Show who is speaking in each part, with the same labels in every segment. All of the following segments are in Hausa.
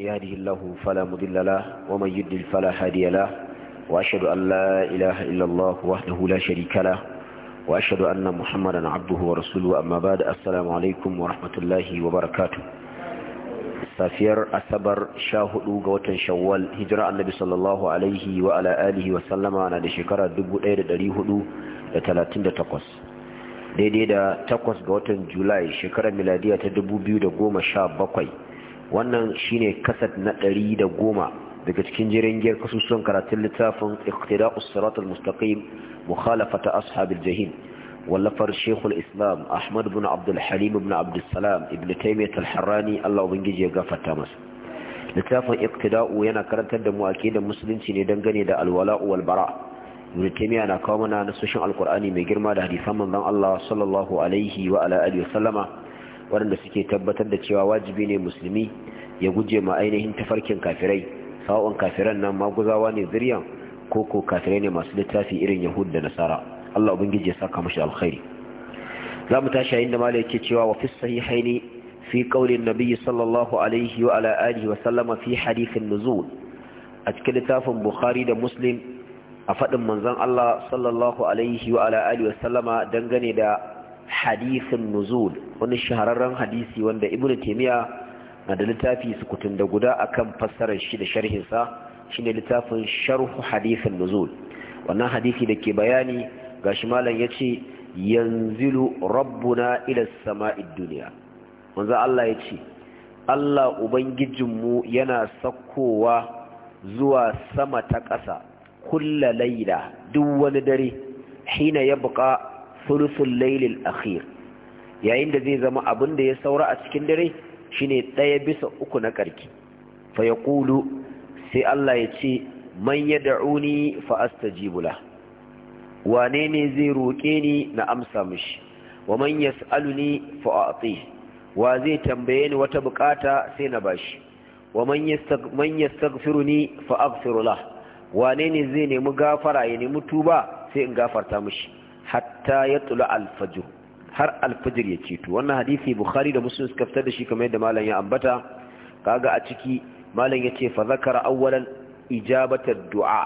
Speaker 1: يهده الله فلا مضل له ومن يضلل فلا هادي له وأشهد أن لا إله إلا الله وحده لا شريك له وأشهد أن محمدا عبده ورسوله أما بعد السلام عليكم ورحمة الله وبركاته safiyar asabar sha hudu ga watan shawwal hijira annabi sallallahu alaihi wa ala alihi wa sallama na da shekara takwas, daidai da takwas ga watan julai shekarar miladiya ta biyu da goma sha bakwai. wannan shine kasat na ɗari da goma daga cikin jirangiyar kasusuwan karatun littafin iqtida'us siratal mustaqim mukhalafata ashabil jahim wallafar shekul islam ahmad bin abdul halim ibn abdul salam ibn taymiyyah Allah ubangiji ya gafarta masa littafin iqtida'u yana karantar da mu aqidar musulunci ne dangane da alwala'u wal bara ibn na kawo mana nasoshin alqur'ani mai girma da hadisan manzon Allah sallallahu alaihi wa ala alihi wa sallama waɗanda suke tabbatar da cewa wajibi ne musulmi ya guje ma ainihin tafarkin kafirai sawa'un kafiran nan maguzawa ne ziryan ko ko kafirai ne masu littafi irin yahud da nasara Allah ubangiji ya saka mashi alkhairi za mu tashi yayin da malai yake cewa wa fi sahihaini fi qaulin nabiyyi sallallahu alaihi wa ala alihi wa sallama fi hadithin nuzul a cikin littafin bukhari da muslim a faɗin manzon Allah sallallahu alaihi wa ala alihi wa sallama dangane da hadisin nuzul wani shahararren hadisi wanda ibnu taymiya na da littafi sukutun da guda akan fassarar shi da sharhin sa shine littafin sharhu hadisin nuzul wannan hadisi da ke bayani gashi malam yace yanzilu rabbuna ila sama'id dunya Wanzan Allah yace Allah ubangijinmu yana sakkowa zuwa sama ta ƙasa kulla laida duk wani dare hina yabqa thuluthul lailil akhir yayin da zai zama abin da ya saura a cikin dare shine ɗaya bisa uku na ƙarki fa yaqulu sai Allah ya ce man yad'uni fa astajibu la wane ne zai roƙe ni na amsa mishi wa man yas'aluni fa a'tihi wa zai tambaye ni wata bukata sai na bashi wa man yastaghfiruni fa aghfiru la wane ne zai nemi gafara ya nemi tuba sai in gafarta mishi hatta ya tula alfajir har alfajir ya ceto wannan hadisi bukhari da muslim suka fitar da shi kamar yadda malam ya ambata kaga a ciki malam ya ce fa zakara awwalan ijabatar du'a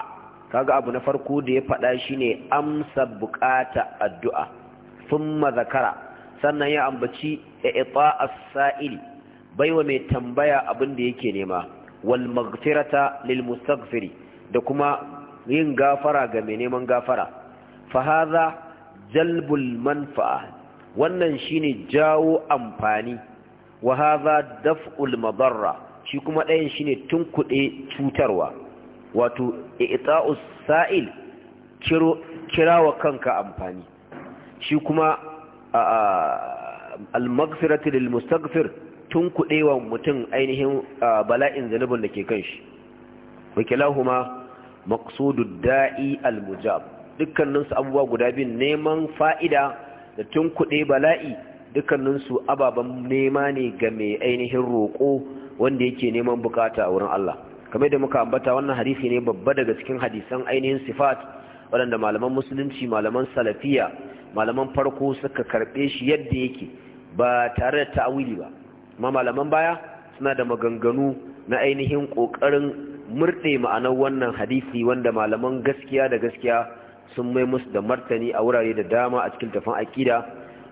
Speaker 1: kaga abu na farko da ya faɗa shine amsa buƙata addu'a thumma zakara sannan ya ambaci i'ta as-sa'il baiwa mai tambaya abin da yake nema wal maghfirata lil mustaghfiri da kuma yin gafara ga mai neman gafara fa hadha jalbul manfa'a wannan shine jawo amfani wa hadha daf'ul madarra shi kuma ɗayan shine tunkuɗe cutarwa wato i'ta'us sa'il kiro kirawa kanka amfani shi kuma al-maghfiratu lil mustaghfir tunkuɗewa mutum ainihin bala'in zanubin da ke kan shi wakilahuma maqsudud da'i al-mujab dukkaninsu abubuwa guda biyu neman fa'ida da tun kuɗe bala'i dukkaninsu ababen nema ne ga mai ainihin roƙo wanda yake neman bukata a wurin Allah kamar da muka ambata wannan hadisi ne babba daga cikin hadisan ainihin sifat waɗanda malaman musulunci malaman salafiya malaman farko suka karɓe shi yadda yake ba tare da ta'awili ba amma malaman baya suna da maganganu na ainihin ƙoƙarin murɗe ma'anar wannan hadisi wanda malaman gaskiya da gaskiya sun mai musu da martani a wurare da dama a cikin tafin aƙida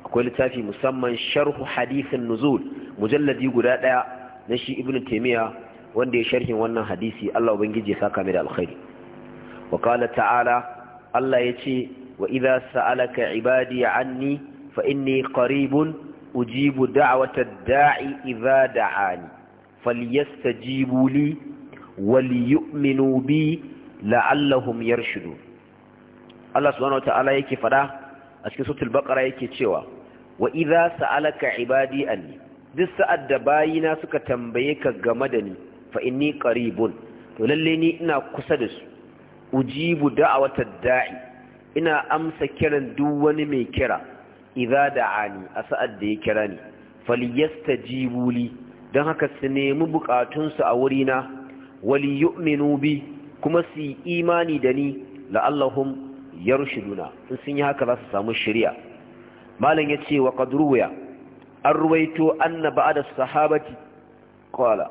Speaker 1: akwai littafi musamman sharhu hadisin nuzul mujalladi guda ɗaya na shi ibnu taimiya wanda ya sharhin wannan hadisi Allah ubangiji ya saka mai da alkhairi wa ta'ala Allah yace wa idza sa'alaka ibadi anni fa inni qaribun ujibu da'wata da'i idza da'ani falyastajibu li وليؤمنوا بي لعلهم يرشدون Allah subhanahu wataala yake fada a cikin suratul baqara yake cewa wa idza sa'alaka ibadi anni duk sa'ad da bayina suka tambaye ka game da ni fa inni qaribun to lalle ni ina kusa da su ujibu wata da'i ina amsa kiran duk wani mai kira idza da'ani a sa'ad da ya kira ni falyastajibu li dan haka su nemi bukatunsu a wurina waliyuminu bi kuma su imani da ni la'allahum yarshiduna in sun yi haka za su samu shirya malam ce wa an ruwaito an ruwaito anna da sahabati kwala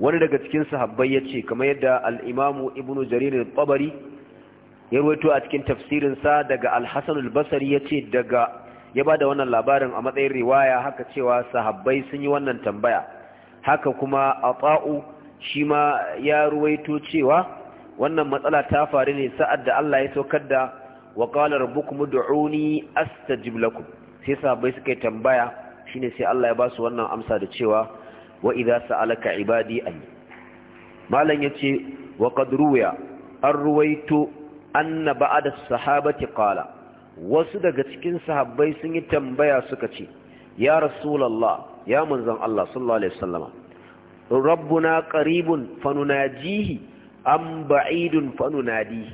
Speaker 1: wani daga cikin sahabbai ya ce kamar yadda Al'imamu imamu ibnu jarir babari ya ruwaito a cikin tafsirinsa daga Alhassan albasari ya ce daga ya ba da wannan labarin a matsayin riwaya haka cewa sahabbai sun yi wannan tambaya haka kuma a shi ma ya ruwaito cewa wannan matsala ta faru ne sa'ad da Allah ya saukar da wa qala rabbukum ud'uni astajib lakum sai sahabbai suka yi tambaya shine sai Allah ya ba su wannan amsa da cewa wa idza sa'alaka ibadi an malan yace wa qad ruwiya an ruwaito anna ba'da sahabati qala wasu daga cikin sahabbai sun yi tambaya suka ce ya rasulullah ya manzon Allah sallallahu alaihi wasallama rabbuna qaribun fanunajihi am ba'idun fanunadi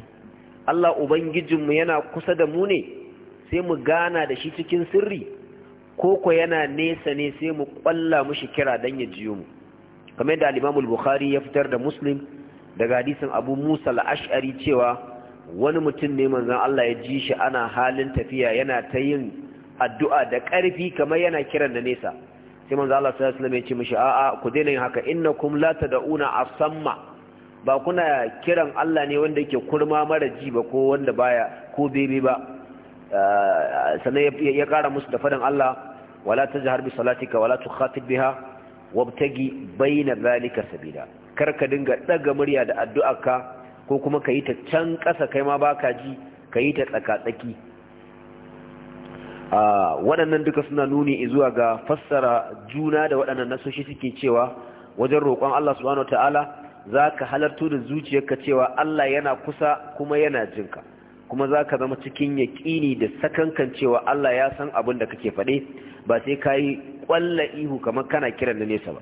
Speaker 1: Allah ubangijinmu yana kusa da mu ne sai mu gana da shi cikin sirri ko ko yana nesa ne sai mu kwalla mushi kira dan ya jiyo mu kamar da al bukhari ya fitar da Muslim daga hadisin Abu Musa al-Ash'ari cewa wani mutum ne manzon Allah ya ji shi ana halin tafiya yana ta yin addu'a da ƙarfi kamar yana kiran da nesa sai manzon Allah sallallahu alaihi wasallam ya ce mishi a'a ku daina yin haka innakum la tad'una asamma ba kuna kiran Allah ne wanda yake kurma mara ji ba ko wanda baya ko bebe ba ah, sannan ya kara musu da fadan Allah wala ta jihar bi salatika wala ta khatib biha wabtagi baina zalika sabila kar ka dinga daga murya da ka. ko kuma ka yi ta can kasa kai ma baka ji ka yi ta tsakatsaki ah, waɗannan duka suna nuni zuwa ga fassara juna da waɗannan nasoshi suke cewa wajen roƙon Allah subhanahu ta'ala za ka halarto da zuciyarka cewa Allah yana kusa kuma yana jinka kuma za ka zama cikin yaƙini da sakankan cewa Allah ya san abin da kake faɗe ba sai ka yi ƙwalla ihu kamar kana kiran na nesa ba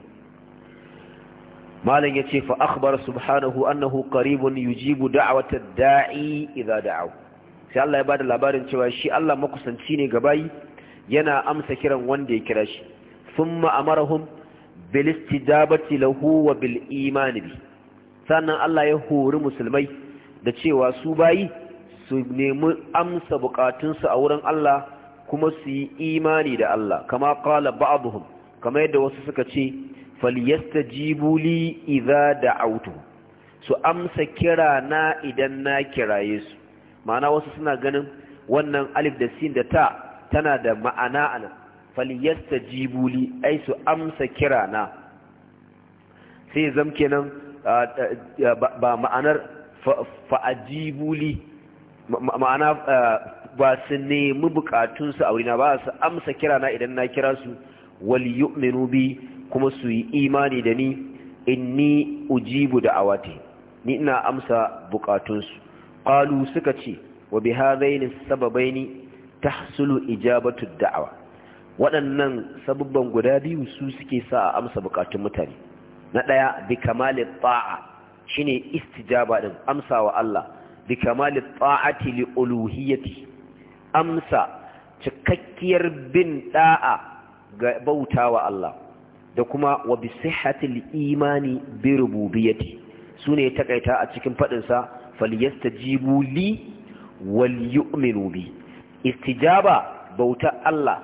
Speaker 1: malam ya ce fa akhbar subhanahu annahu qaribun yujibu da'wata da'i idza da'aw sai Allah ya bada labarin cewa shi Allah makusanci ne ga bayi yana amsa kiran wanda ya kira shi thumma amarahum bil istijabati lahu wa bil imani bihi sannan Allah ya hori musulmai da cewa su bayi su nemi amsa bukatunsu a wurin Allah kuma su yi imani da Allah kama kala ba'dhum kama yadda wasu suka ce jibuli iza da auto su amsa kira na idan na kiraye su ma'ana wasu suna ganin wannan alif da sin da ta tana da ma'ana anan faliyasta jibuli, ai su amsa kira na sai zam kenan ba ma'anar fa'ajibuli ma'ana ba su nemi bukatunsu a wurina ba su amsa kira na idan na kira su wal yu'minu bi kuma su yi imani da ni In ni ujibu da awati ni ina amsa bukatunsu ƙalu suka ce wa bi hadaini ta sulu ijabatu da'awa waɗannan sababban guda biyu su suke sa a amsa bukatun mutane na ɗaya bi kamali ta'a shine istijaba amsa amsawa Allah bi kamali ta'ati li uluhiyyati amsa cikakkiyar bin ɗa'a ga wa Allah da kuma wa bi sihhatil imani bi su sune takaita a cikin faɗinsa. sa falyastajibu li wal yu'minu bi istijaba bauta Allah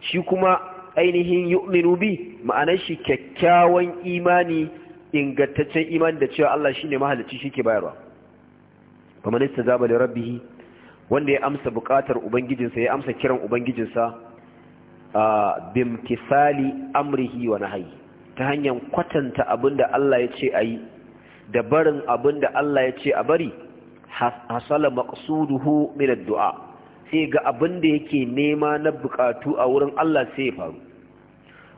Speaker 1: shi kuma ainihin yu'minu bi ma'anar shi kyakkyawan imani ingantaccen imani da cewa Allah shine mahalicci ke bayarwa man istazaba li rabbih wanda ya amsa bukatar ubangijinsa ya amsa kiran ubangijinsa bimtisali amrihi wa nahyi ta hanyar kwatanta abinda Allah ya ce ayi da barin abinda Allah ya ce a bari hasala maqsuduhu min ad-du'a sai ga abin da yake nema na bukatu a wurin Allah sai ya faru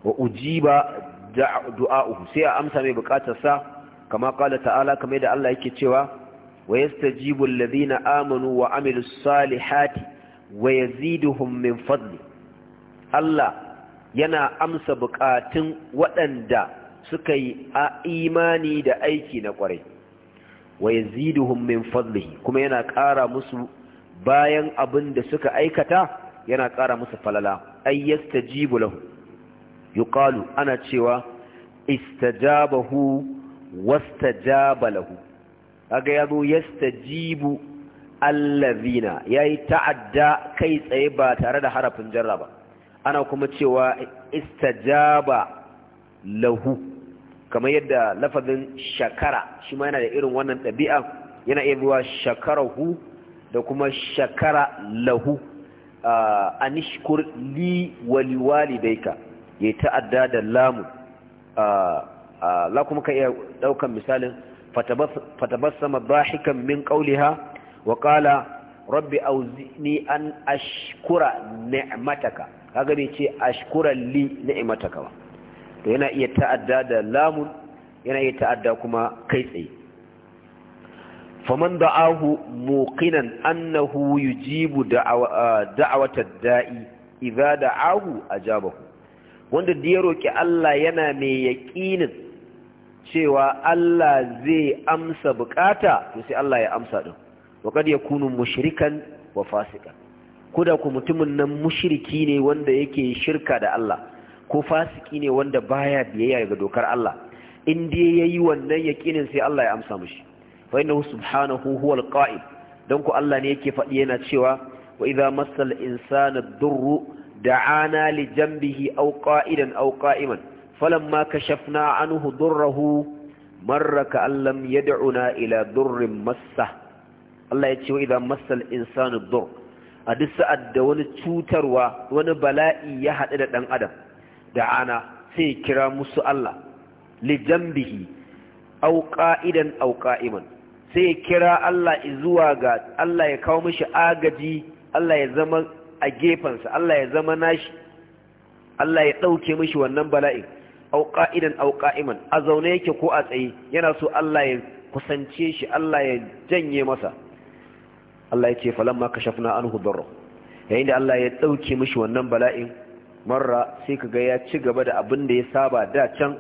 Speaker 1: wa ujiba du'a'uhu sai a amsa mai bukatarsa kama kala ta'ala kamar da Allah yake cewa wa yastajibu alladhina amanu wa amilu salihati wa yaziduhum min fadli Allah yana amsa bukatun waɗanda suka yi a imani da aiki na ƙwarai. wa yaziduhum min fadlihi kuma yana ƙara musu bayan abin da suka aikata yana ƙara musu falala ay yastajibu lahu yuqalu ana cewa istajabahu wastajaba lahu yazo yastajibu allazina yayi ta'adda kai tsaye ba tare da harafin jarra ba ana kuma cewa istajaba lahu kamar yadda lafazin shakara shi ma yana da irin wannan ɗabi'a yana iya zuwa shakarahu da kuma shakara lahu a nishkur li waliwalidaika ya ta'adda da lamu la kuma ka iya daukan misalin fatabassama dahikan min qawliha wa qala rabbi auzni an ashkura ni'mataka kaga ne ce ashkura li ni'mataka ba to yana iya ta'adda da lamun yana iya ta'adda kuma kai tsaye faman da'ahu muqinan annahu yujibu da'awata da'i idza da'ahu ajabahu wanda da ya roki Allah yana mai yaqinin cewa Allah zai amsa bukata to sai Allah ya amsa din wa kad yakunu mushrikan wa fasikan da ku mutumin nan mushriki ne wanda yake shirka da Allah ko fasiki ne wanda baya biyayya ga dokar Allah in dai yayi wannan yaqinin sai Allah ya amsa mushi fa innahu subhanahu huwal qa'id dan ku Allah ne yake faɗi yana cewa wa idza massal insana durru da'ana li janbihi aw qa'idan aw qa'iman falamma kashafna anhu durruhu marra ka allam yad'una ila durrin massa Allah ya ce wa idza massal insana durr a duk sa'ad da wani cutarwa wani bala'i ya haɗu da ɗan adam da'ana sai kira musu Allah li janbihi aw qa'idan aw qa'iman sai ya kira Allah zuwa ga Allah ya kawo mishi agaji Allah ya zama a gefansa Allah ya zama nashi Allah ya ɗauke mishi wannan bala'in auka'idan qa'idan a zaune yake ko a tsaye yana so Allah ya kusance shi Allah ya janye masa Allah ya ce falamma kashafna anhu darra yayin da Allah ya ɗauke mishi wannan bala'in marra sai kaga ya ci gaba da abin da ya saba da can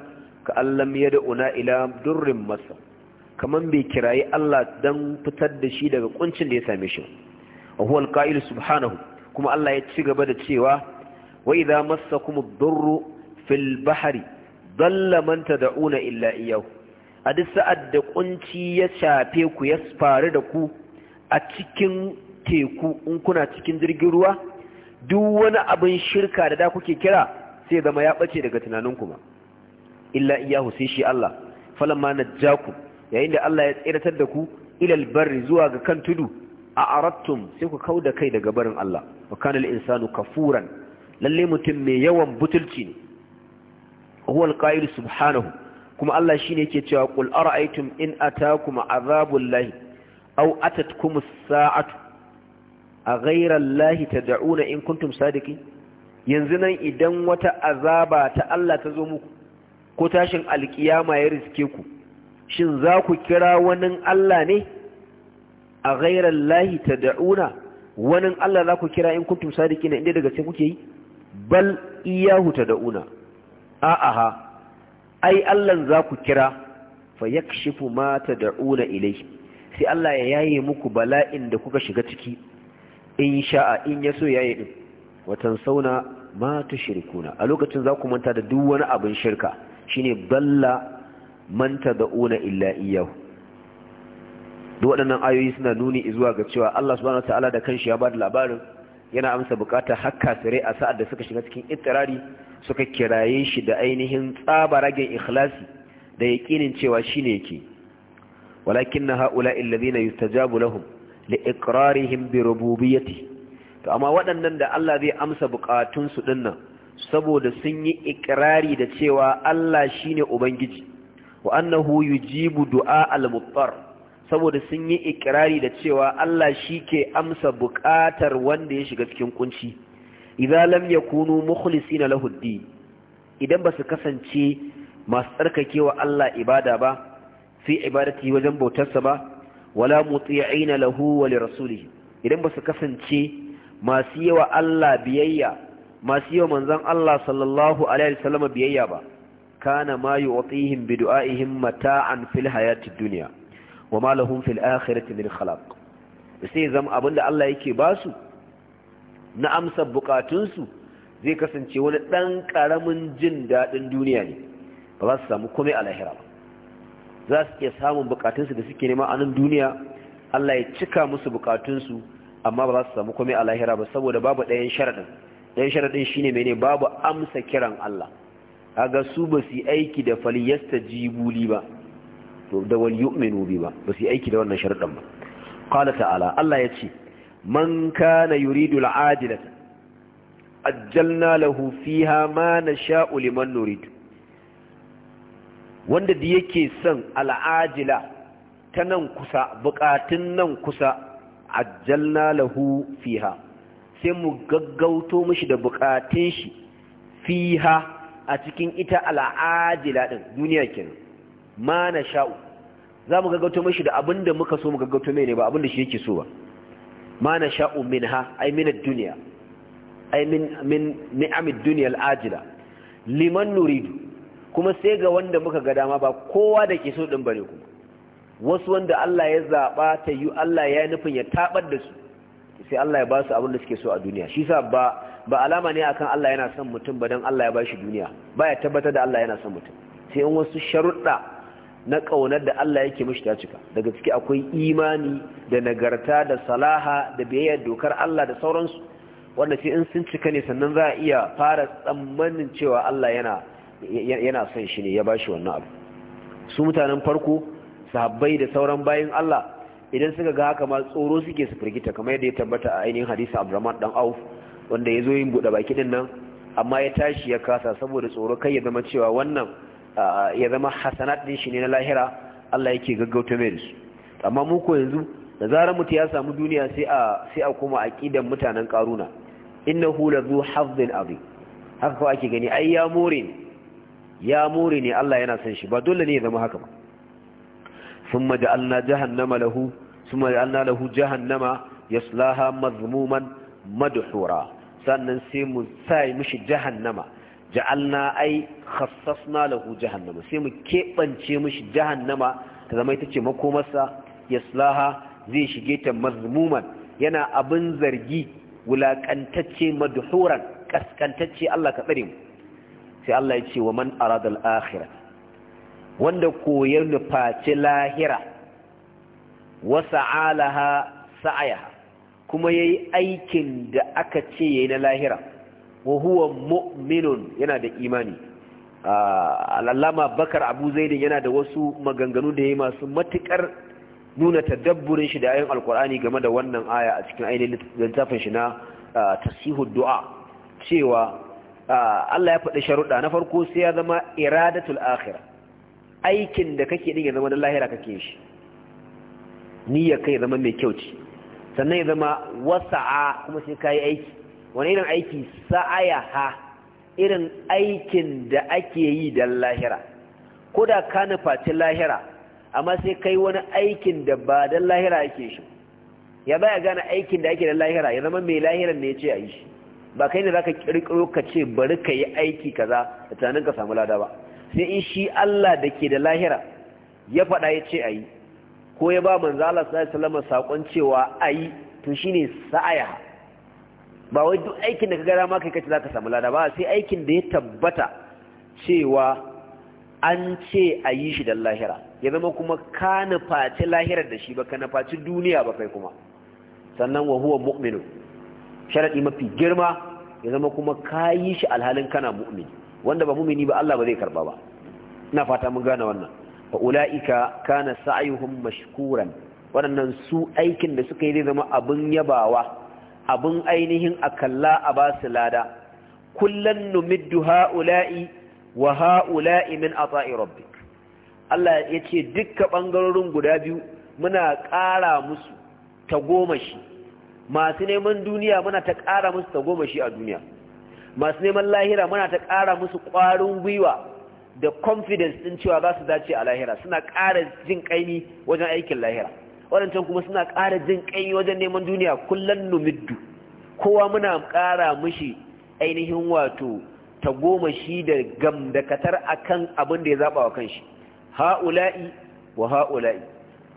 Speaker 1: ka allam una ila durrin masa kaman bai kirayi Allah dan fitar da shi daga kuncin da ya same shi a huwal alqa'il subhanahu kuma Allah ya ci gaba da cewa wai za masa kuma durru fil don lamanta da una illa iyyahu a duk sa'ad da kunci ya shafe ku ya faru da ku a cikin teku in kuna cikin jirgin ruwa duk wani abin shirka da da kuke kira sai zama ya ɓace daga tunaninku ma illa iyahu sai shi Allah falamma jakub yayin da Allah ya tsiratar da ku ilal barri zuwa ga kan tudu a arattum sai ku kauda kai daga barin Allah wa kana al-insanu kafuran lalle mutum mai yawan butulci ne huwa al-qa'il subhanahu kuma Allah shine yake cewa qul ara'aytum in ataakum azabul lahi aw atatkum as-sa'atu aghayra allahi tad'una in kuntum sadiqin yanzu nan idan wata azaba ta Allah ta zo muku ko tashin alkiyama ya riske ku shin za ku kira wani Allah ne a gairar lahi ta da'una wani Allah za ku kira in kuntum sadiki na inda daga sai kuke yi bal iyahu ta da'una ha, ai Allah za ku kira fa ma ta da'una ilai sai Allah ya yaye muku bala'in da kuka shiga ciki in sha'a in ya so yaye din watan sauna ma ta tushrikuna a lokacin za ku manta da duk wani abin shirka shine balla man tad'una illa iyyahu duk waɗannan ayoyi suna nuni zuwa ga cewa Allah subhanahu wataala da kanshi ya ba da labarin yana amsa bukata hakka sare a sa'ad da suka shiga cikin ittirari suka kiraye shi da ainihin tsaba ragen ikhlasi da yaqinin cewa shine yake walakinna haula alladhina yustajabu lahum liiqrarihim bi rububiyyati to amma waɗannan da Allah zai amsa bukatun su dinnan saboda sun yi ikrari da cewa Allah shine ubangiji wa annahu yujibu du'a al-muttar saboda sun yi ikirari da cewa Allah shi ke amsa buƙatar wanda ya shiga cikin kunci idza lam yakunu mukhlisina lahu ad-din idan ba su kasance masu tsarkakewa Allah ibada ba fi ibadati wajen bautarsa ba wala muti'ina lahu wa li rasulih idan ba su kasance masu yawa Allah biyayya masu yawa manzon Allah sallallahu alaihi wasallam biyayya ba kana ma yu'tihim bi du'aihim mata'an fil hayati dunya wa ma lahum fil akhirati min sai zama abinda Allah yake basu na amsa bukatunsu zai kasance wani ɗan karamin jin daɗin duniya ne ba za su samu komai a lahira za su iya samun bukatunsu da suke nema a nan duniya Allah ya cika musu bukatunsu amma ba za su samu komai a lahira ba saboda babu ɗayan sharaɗin ɗayan sharaɗin shine mene babu amsa kiran Allah aga su ba su aiki da faliyasta jibuli ba da wal yu'minu bi ba ba su aiki da wannan sharuɗan ba qala ta'ala Allah ya ce man kana yuridu al'adila ajjalna lahu fiha ma nasha'u liman nuridu wanda da yake son al'adila ta nan kusa bukatun nan kusa ajjalna lahu fiha sai mu gaggauto mishi da bukatun shi fiha a cikin ita al'ajila din duniya kenan ma na sha'u za mu gaggauto mashi da abin da muka so mu gaggauto mai ne ba abin da shi yake so ba ma na sha'u min ha ai min duniya ai min min ni'amid duniya al'ajila liman nuridu kuma sai ga wanda muka ga dama ba kowa da ke so din bane kuma wasu wanda Allah ya zaba ta yi Allah ya nufin ya tabar da su sai Allah ya ba su abin da suke so a duniya shi sa ba ba alama ne akan Allah yana son mutum ba don Allah ya bashi duniya Ba ya tabbatar da Allah yana son mutum sai in wasu sharuɗa na ƙaunar da Allah yake mishi ta cika daga ciki akwai imani da nagarta da salaha da biyayya dokar Allah da sauransu wanda sai in sun cika ne sannan za a iya fara tsammanin cewa Allah yana yana son shi ne ya bashi wannan abu su mutanen farko sahabbai da sauran bayin Allah idan suka ga haka ma tsoro suke su firgita kamar yadda ya tabbata a ainihin hadisi Abdurrahman dan Auf wanda ya zo yin buɗe baki ɗin nan amma ya tashi ya kasa saboda tsoro kai ya zama cewa wannan ya zama hasanat ɗin shi ne na lahira Allah yake gaggauta mai da su amma mu yanzu da zarar mutu ya samu duniya sai a sai a kuma aqidan mutanen karuna innahu lazu hafdin azim haka kawai ake gani ai ya more ne ya more ne Allah yana son shi ba dole ne ya zama haka ba ثم جعلنا جهنم له ثم lahu له جهنم يصلاها mazmuman madhura sannan sai mu sa mishi jahannama ja'alna ai khassasna lahu jahannama sai mu keɓance mishi jahannama ta zama ita ce makomarsa yaslaha zai shige ta mazmuman yana abin zargi wulakantacce madhuran kaskantacce Allah ka tsare mu sai Allah ya ce wa man arada al-akhirah wanda koyar nufaci lahira wa sa'alaha sa'ayaha kuma yayi aikin da aka ce ya yi na lahira wa huwa mu'minun yana da imani ah, al'allama bakar abu zaidin yana da wasu maganganu da ya yi masu matukar nuna tadabburin shi da ayin alkur'ani game da wannan aya a cikin ainihin littafin shi na ah, tasihud du'a cewa ah, Allah ya faɗi sharuɗa na farko sai ya zama iradatul akhirah aikin da kake din ya zama da lahira kake shi niyya kai zama mai kyau ce sannan ya zama wasa'a kuma sai kayi aiki wani irin aiki sa'aya ha irin aikin da ake yi don lahira ko da ka nufaci lahira amma sai kai wani aikin da ba don lahira ake shi ya baya gane aikin da ake don lahira ya zama mai lahiran ne ce a yi shi ba kai ne za ka kirkiro ka ce bari ka yi aiki kaza da tunanin ka samu lada ba sai in shi Allah da ke da lahira ya faɗa ya ce a yi ko ya ba manzo Allah sallallahu alaihi sakon cewa ayi to shine sa'aya ba wai duk aikin da ka gara ma kai kace zaka samu lada ba sai aikin da ya tabbata cewa an ce a shi da lahira ya zama kuma ka nufaci lahirar da shi ba ka nufaci duniya ba kai kuma sannan wa huwa mu'minu sharadi mafi girma ya zama kuma ka yi shi alhalin kana mu'mini wanda ba mu'mini ba Allah ba zai karba ba ina fata mun gane wannan fa'ula'ika kana sa'ayuhum mashkuran waɗannan su aikin da suka yi zai zama abin yabawa abin ainihin akalla a ba su lada kullum numiddu ha'ula'i wa ha'ula'i min ata'i rabbik Allah ya ce dukka ɓangarorin guda biyu muna ƙara musu ta goma shi masu neman duniya muna ta ƙara musu ta goma shi a duniya masu neman lahira muna ta ƙara musu ƙwarin gwiwa da confidence din cewa za su dace a lahira suna ƙara jin ƙaimi wajen aikin lahira waɗancan kuma suna ƙara jin ƙaimi wajen neman duniya kullum numiddu kowa muna ƙara mishi ainihin wato ta goma shi da gam da katar akan abin da ya zaɓa wa kan kanshi ha'ula'i wa ha'ula'i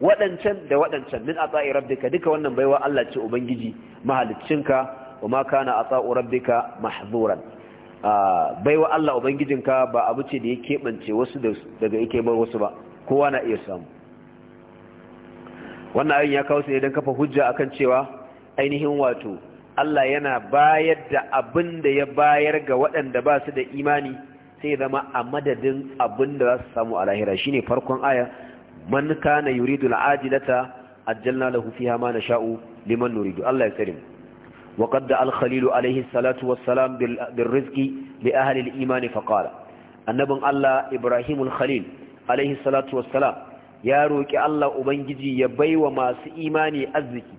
Speaker 1: waɗancan da waɗancan min tsa'i rabdika duka wannan baiwa Allah ce ubangiji mahaliccinka wa ma kana atsa'u rabbika mahzuran baiwa Allah ubangijinka ba abu ce da ya keɓance wasu daga yake bar wasu ba kowa na iya samu wannan ayin ya kawo su ne don kafa hujja akan cewa ainihin wato Allah yana bayar da abin da ya bayar ga waɗanda ba su da imani sai zama a madadin abin da za su samu a lahira Shi ne farkon aya man kana yuridu na al'ajilata ajjalna lahu hama na sha'u liman nuridu Allah ya tsare وقد دعا الخليل عليه الصلاة والسلام بالرزق لأهل الإيمان فقال النبي الله إبراهيم الخليل عليه الصلاة والسلام يا روكي الله أبنجي يبي وما سإيماني أزكي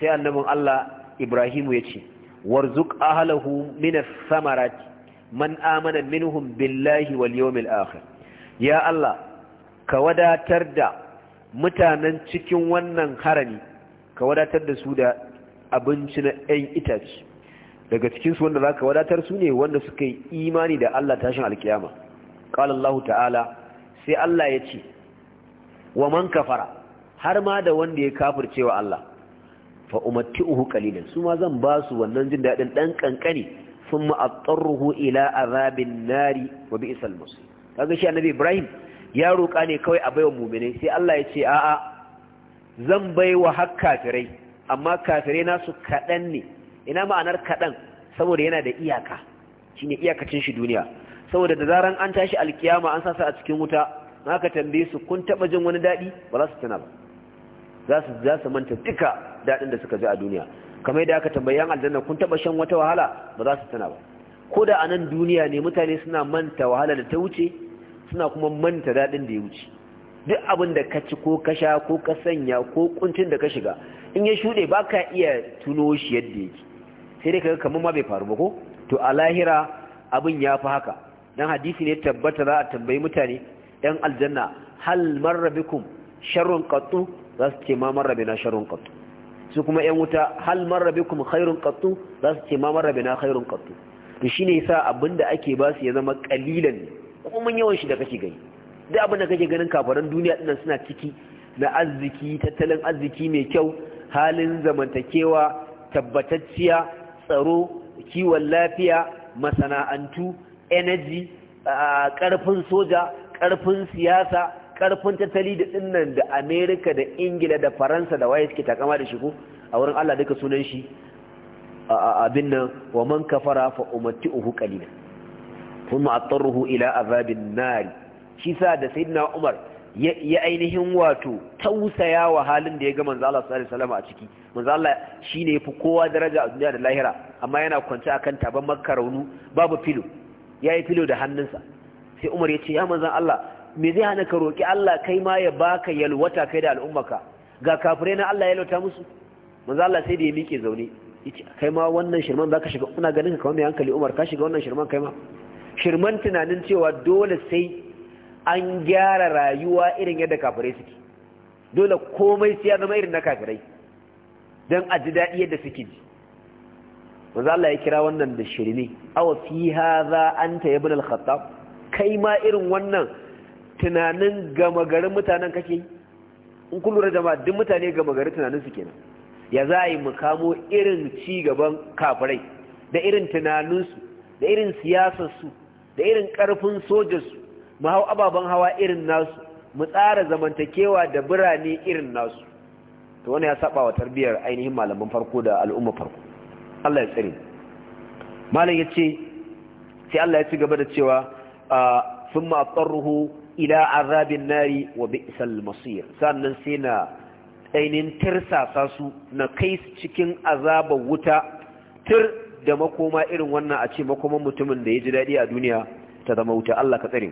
Speaker 1: سيئ النبي الله إبراهيم يتشي وارزق أهله من الثمرات من آمن منهم بالله واليوم الآخر يا الله كودا تردى متانا تكون ونن هرني كودا تردى سودا abinci na 'yan itace daga cikinsu wanda za ka wadatar su ne wanda suka yi imani da Allah tashin alkiyama ƙala Allah ta'ala sai Allah ya ce wa man kafara har ma da wanda ya kafirce cewa Allah fa uhu qalilan su ma zan ba su wannan jin daɗin ɗan kankani thumma attaruhu ila azabin nari wa bi'sal masir kaga shi annabi Ibrahim ya roƙa ne kawai a baiwa mu'minai sai Allah ya ce a'a zan baiwa hakkafirai amma kafirai nasu kaɗan ne ina ma'anar kaɗan saboda yana da iyaka shine iyakacin shi duniya saboda da zaran an tashi alkiyama an sasa a cikin wuta na ka tambaye su kun taɓa jin wani daɗi ba za su tana ba za su za su manta duka daɗin da suka ji a duniya kamar yadda aka tambayi yan aljanna kun taɓa shan wata wahala ba za su tana ba ko da a nan duniya ne mutane suna manta wahala da ta wuce suna kuma manta daɗin da ya wuce duk abin da ka ci ko ka sha ko ka sanya ko kuncin da ka shiga in ya shuɗe ba ka iya tuno shi yadda yake sai dai kaga kamar ma bai faru ba ko to a lahira abin ya fi haka dan hadisi ne tabbata za a tambayi mutane Ɗan aljanna hal marra bikum sharrun qattu za su ce ma marra bina sharrun qattu su kuma yan wuta hal marra bikum khairun qattu za su ce ma marra bina khairun qattu to shine yasa abinda ake ba su ya zama kalilan ne kuma yawan shi da kake gani duk abin da kake ganin kafaran duniya dinnan suna ciki na arziki tattalin arziki mai kyau halin zamantakewa tabbatacciya tsaro kiwon lafiya masana'antu energy karfin soja karfin siyasa karfin tattali da dinnan da america da ingila da faransa da waye suke takama da shigo? a wurin allah duka sunan shi abin nan wa man kafara fa umatti uhu qalila kuma attaruhu ila azabin nari shi sa da sayyidina Umar ya ainihin wato tausaya wa halin da ya ga manzo Allah sallallahu alaihi wasallam a ciki manzo Allah shine yafi kowa daraja a duniya da lahira amma yana kwance akan taban makka raunu babu filo yayi filo da hannunsa sai Umar ya ce ya manzo Allah me zai hana ka roki Allah kai ma ya baka yalwata kai da al'ummaka ga kafirai na Allah ya yalwata musu manzo Allah sai da ya miƙe zaune kai ma wannan shirman zaka shiga ina ganin ka kamar mai hankali Umar ka shiga wannan shirman kai ma shirman tunanin cewa dole sai an gyara rayuwa irin yadda kafirai suke dole komai sai ya zama irin na kafirai don aji ji daɗi yadda suke ji manzo Allah ya kira wannan da shirme awa fi hadha anta ibn al-khattab kai ma irin wannan tunanin gama garin mutanen kake yi in kun lura jama'a duk mutane gama garin tunanin su kenan ya za a yi mu irin ci gaban kafirai da irin tunaninsu da irin siyasarsu da irin karfin sojarsu mu hau ababen hawa irin nasu mu tsara zamantakewa da birane irin nasu to wani ya saba wa tarbiyar ainihin malaman farko da al'umma farko Allah ya tsare malam yace ce sai Allah ya ci gaba da cewa sun ma'afarruhu ila azabin nari wa bi'sal masir sannan sai na ainihin tirsasa su na kai cikin azabar wuta tir da makoma irin wannan a ce makoman mutumin da ya ji daɗi a duniya ta zama wuta Allah ka tsare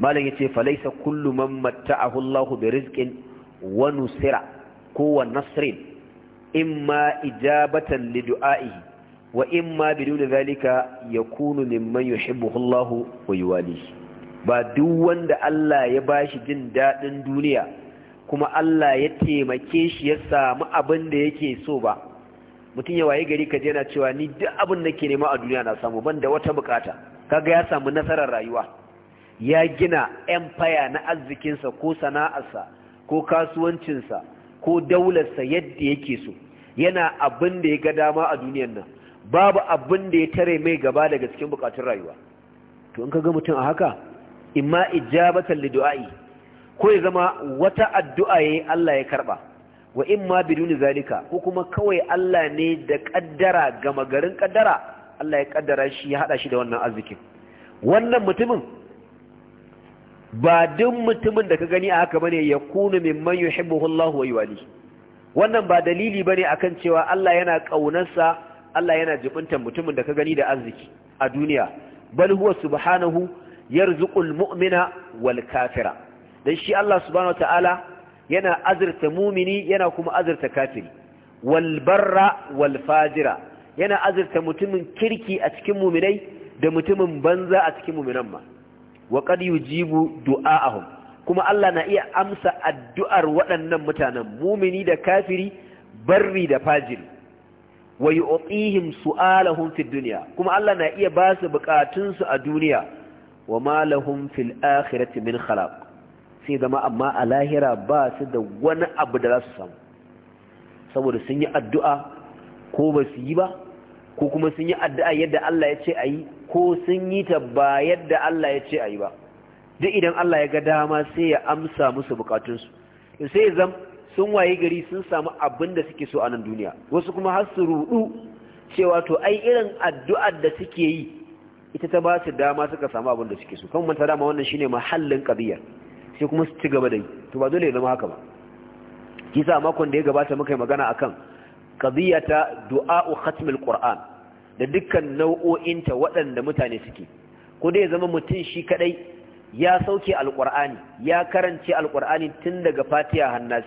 Speaker 1: malam yace falaisa kullu man matta'ahu Allahu bi rizqin wa sira ko wa nasrin imma ijabatan li du'a'ihi wa imma bidun zalika yakunu mimman yuhibbuhu Allahu wa yuwalihi ba duk wanda Allah ya bashi jin daɗin duniya kuma Allah ya taimake shi ya samu abin da yake so ba mutum ya waye gari kaje yana cewa ni duk abin da ke nema a duniya na samu ban da wata bukata kaga ya samu nasarar rayuwa ya gina empire na arzikinsa ko sana'arsa ko kasuwancinsa ko daularsa yadda yake so yana abin da ya ga dama a duniyan nan babu abin da ya tare mai gaba daga cikin bukatun rayuwa to in ka ga mutum a haka imma ijabatan du'ai ko ya zama wata addu'a yayi Allah ya karba wa imma biduni zalika ko kuma kawai Allah ne da kaddara gama garin kaddara Allah ya kaddara shi ya hada shi da wannan arzikin wannan mutumin ba duk mutumin da ka gani a haka bane ya kunu mimman yuhibbuhu wa yuwali wannan ba dalili bane akan cewa Allah yana kaunarsa Allah yana jibintan mutumin da ka gani da arziki a duniya bal huwa subhanahu yarzuqul mu'mina wal kafira dan shi Allah subhanahu wataala yana azurta mumini yana kuma azurta kafiri wal barra wal fajira yana azurta mutumin kirki a cikin muminai da mutumin banza a cikin muminan ma wa qad yujibu du'aahum kuma Allah na iya amsa addu'ar waɗannan mutanen mumini da kafiri barri da fajiri wa yu'tihim su'alahum fid dunya kuma Allah na iya ba su bukatunsu a duniya wa ma lahum fil akhirati min khalaq sai zama amma a lahira ba su da wani abu da za su samu saboda sun yi addu'a ko ba su yi ba ko kuma sun yi addu'a yadda Allah ya ce a yi ko sun yi ta ba yadda Allah ya ce a yi ba duk idan Allah ya ga dama sai ya amsa musu bukatunsu sai zam sun waye gari sun samu abin da suke so a nan duniya wasu kuma har su rudu cewa to ai irin addu'ar da suke yi ita ta ba su dama suka samu abin da suke so kan manta dama wannan shine mahallin qadiyya sai kuma su ci gaba da yi to ba dole ya zama haka ba kisa makon da ya gabata muka yi magana akan qadiyya du'a'u khatmil qur'an da dukkan nau'o'inta waɗanda mutane suke ko dai zama mutum shi kaɗai ya sauke alƙur'ani ya karance alƙur'ani tun daga fatiha hannas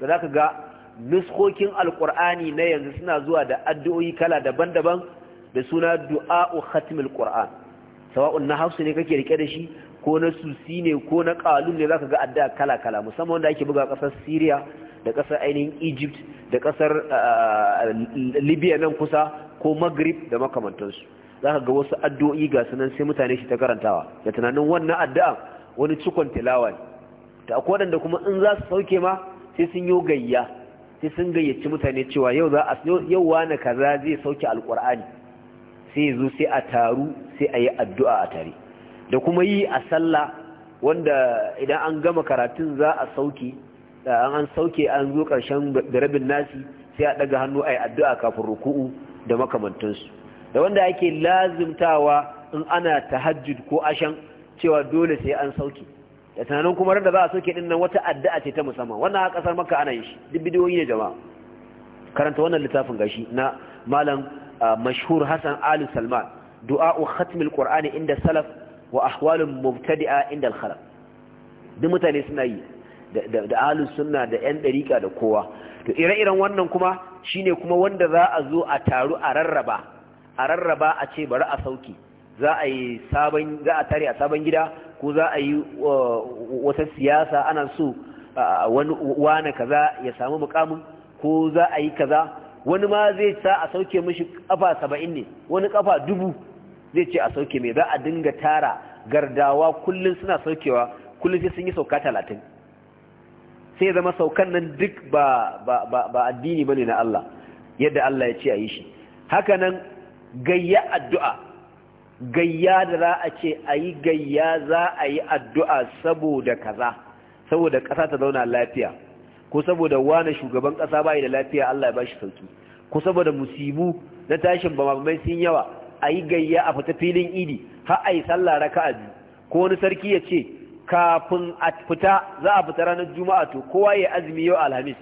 Speaker 1: to zaka ga nuskokin alƙur'ani na yanzu suna zuwa da addu'o'i kala daban-daban da suna du'a'u khatmul qur'an sawa'un na hafsu ne kake rike da shi ko na susi ne ko na kalun ne zaka ga addu'a kala-kala musamman wanda ake buga ƙasar Siriya da kasar ainihin Egypt da ƙasar ah, Libya nan kusa ko magrib da makamantansu za ka ga wasu addu'o'i ga sunan sai mutane shi ta karantawa da tunanin wannan addu'a wani cikon tilawa ne ta akwai kuma in za su sauke ma sai sun yi gayya sai sun gayyaci mutane cewa yau za a yau wani kaza zai sauke alƙur'ani sai zo sai a taru sai a yi addu'a a tare da kuma yi a sallah wanda idan an gama karatun za a sauke an sauke an zo ƙarshen da rabin nasi sai a ɗaga hannu a yi addu'a kafin ruku'u da makamantansu da wanda ake lazimtawa in ana tahajjud ko ashan cewa dole sai an sauke da tunanin kuma da za a sauke din nan wata addu'a ce ta musamman wannan a kasar makka ana yin shi duk bidiyoyi ne jama'a karanta wannan littafin gashi na malam mashhur Hassan ali salman du'a'u khatmil alqur'ani inda salaf wa ahwalun mubtadi'a inda al duk mutane suna yi da ahlus sunna da yan dariƙa da kowa to ire-iren wannan kuma shine kuma wanda za a zo a taru a rarraba a rarraba a ce bari a sauki za a yi sabon za a tare a sabon gida ko za a yi uh, wata siyasa ana so uh, wani wani kaza ya samu mukamin ko za a yi kaza wani ma zai sa a sauke mishi kafa saba'in ne wani kafa dubu zai ce a sauke mai za a dinga tara gardawa kullum suna saukewa kullum sai sun yi sauka talatin sai zama saukan nan duk ba ba addini bane na Allah yadda Allah ya ce a yi shi hakanan gayya addu'a gayya da za a ce a yi gayya za a yi addu'a saboda kaza saboda ƙasa ta zauna lafiya ko saboda wane shugaban ƙasa ba da lafiya Allah ya ba shi sauki ko saboda musibu na tashin bamamai sun yawa a yi gayya a fita filin idi har a yi sallah raka'a biyu ko wani sarki ya ce kafin a fita za a fita ranar juma'a to kowa ya azumi yau alhamis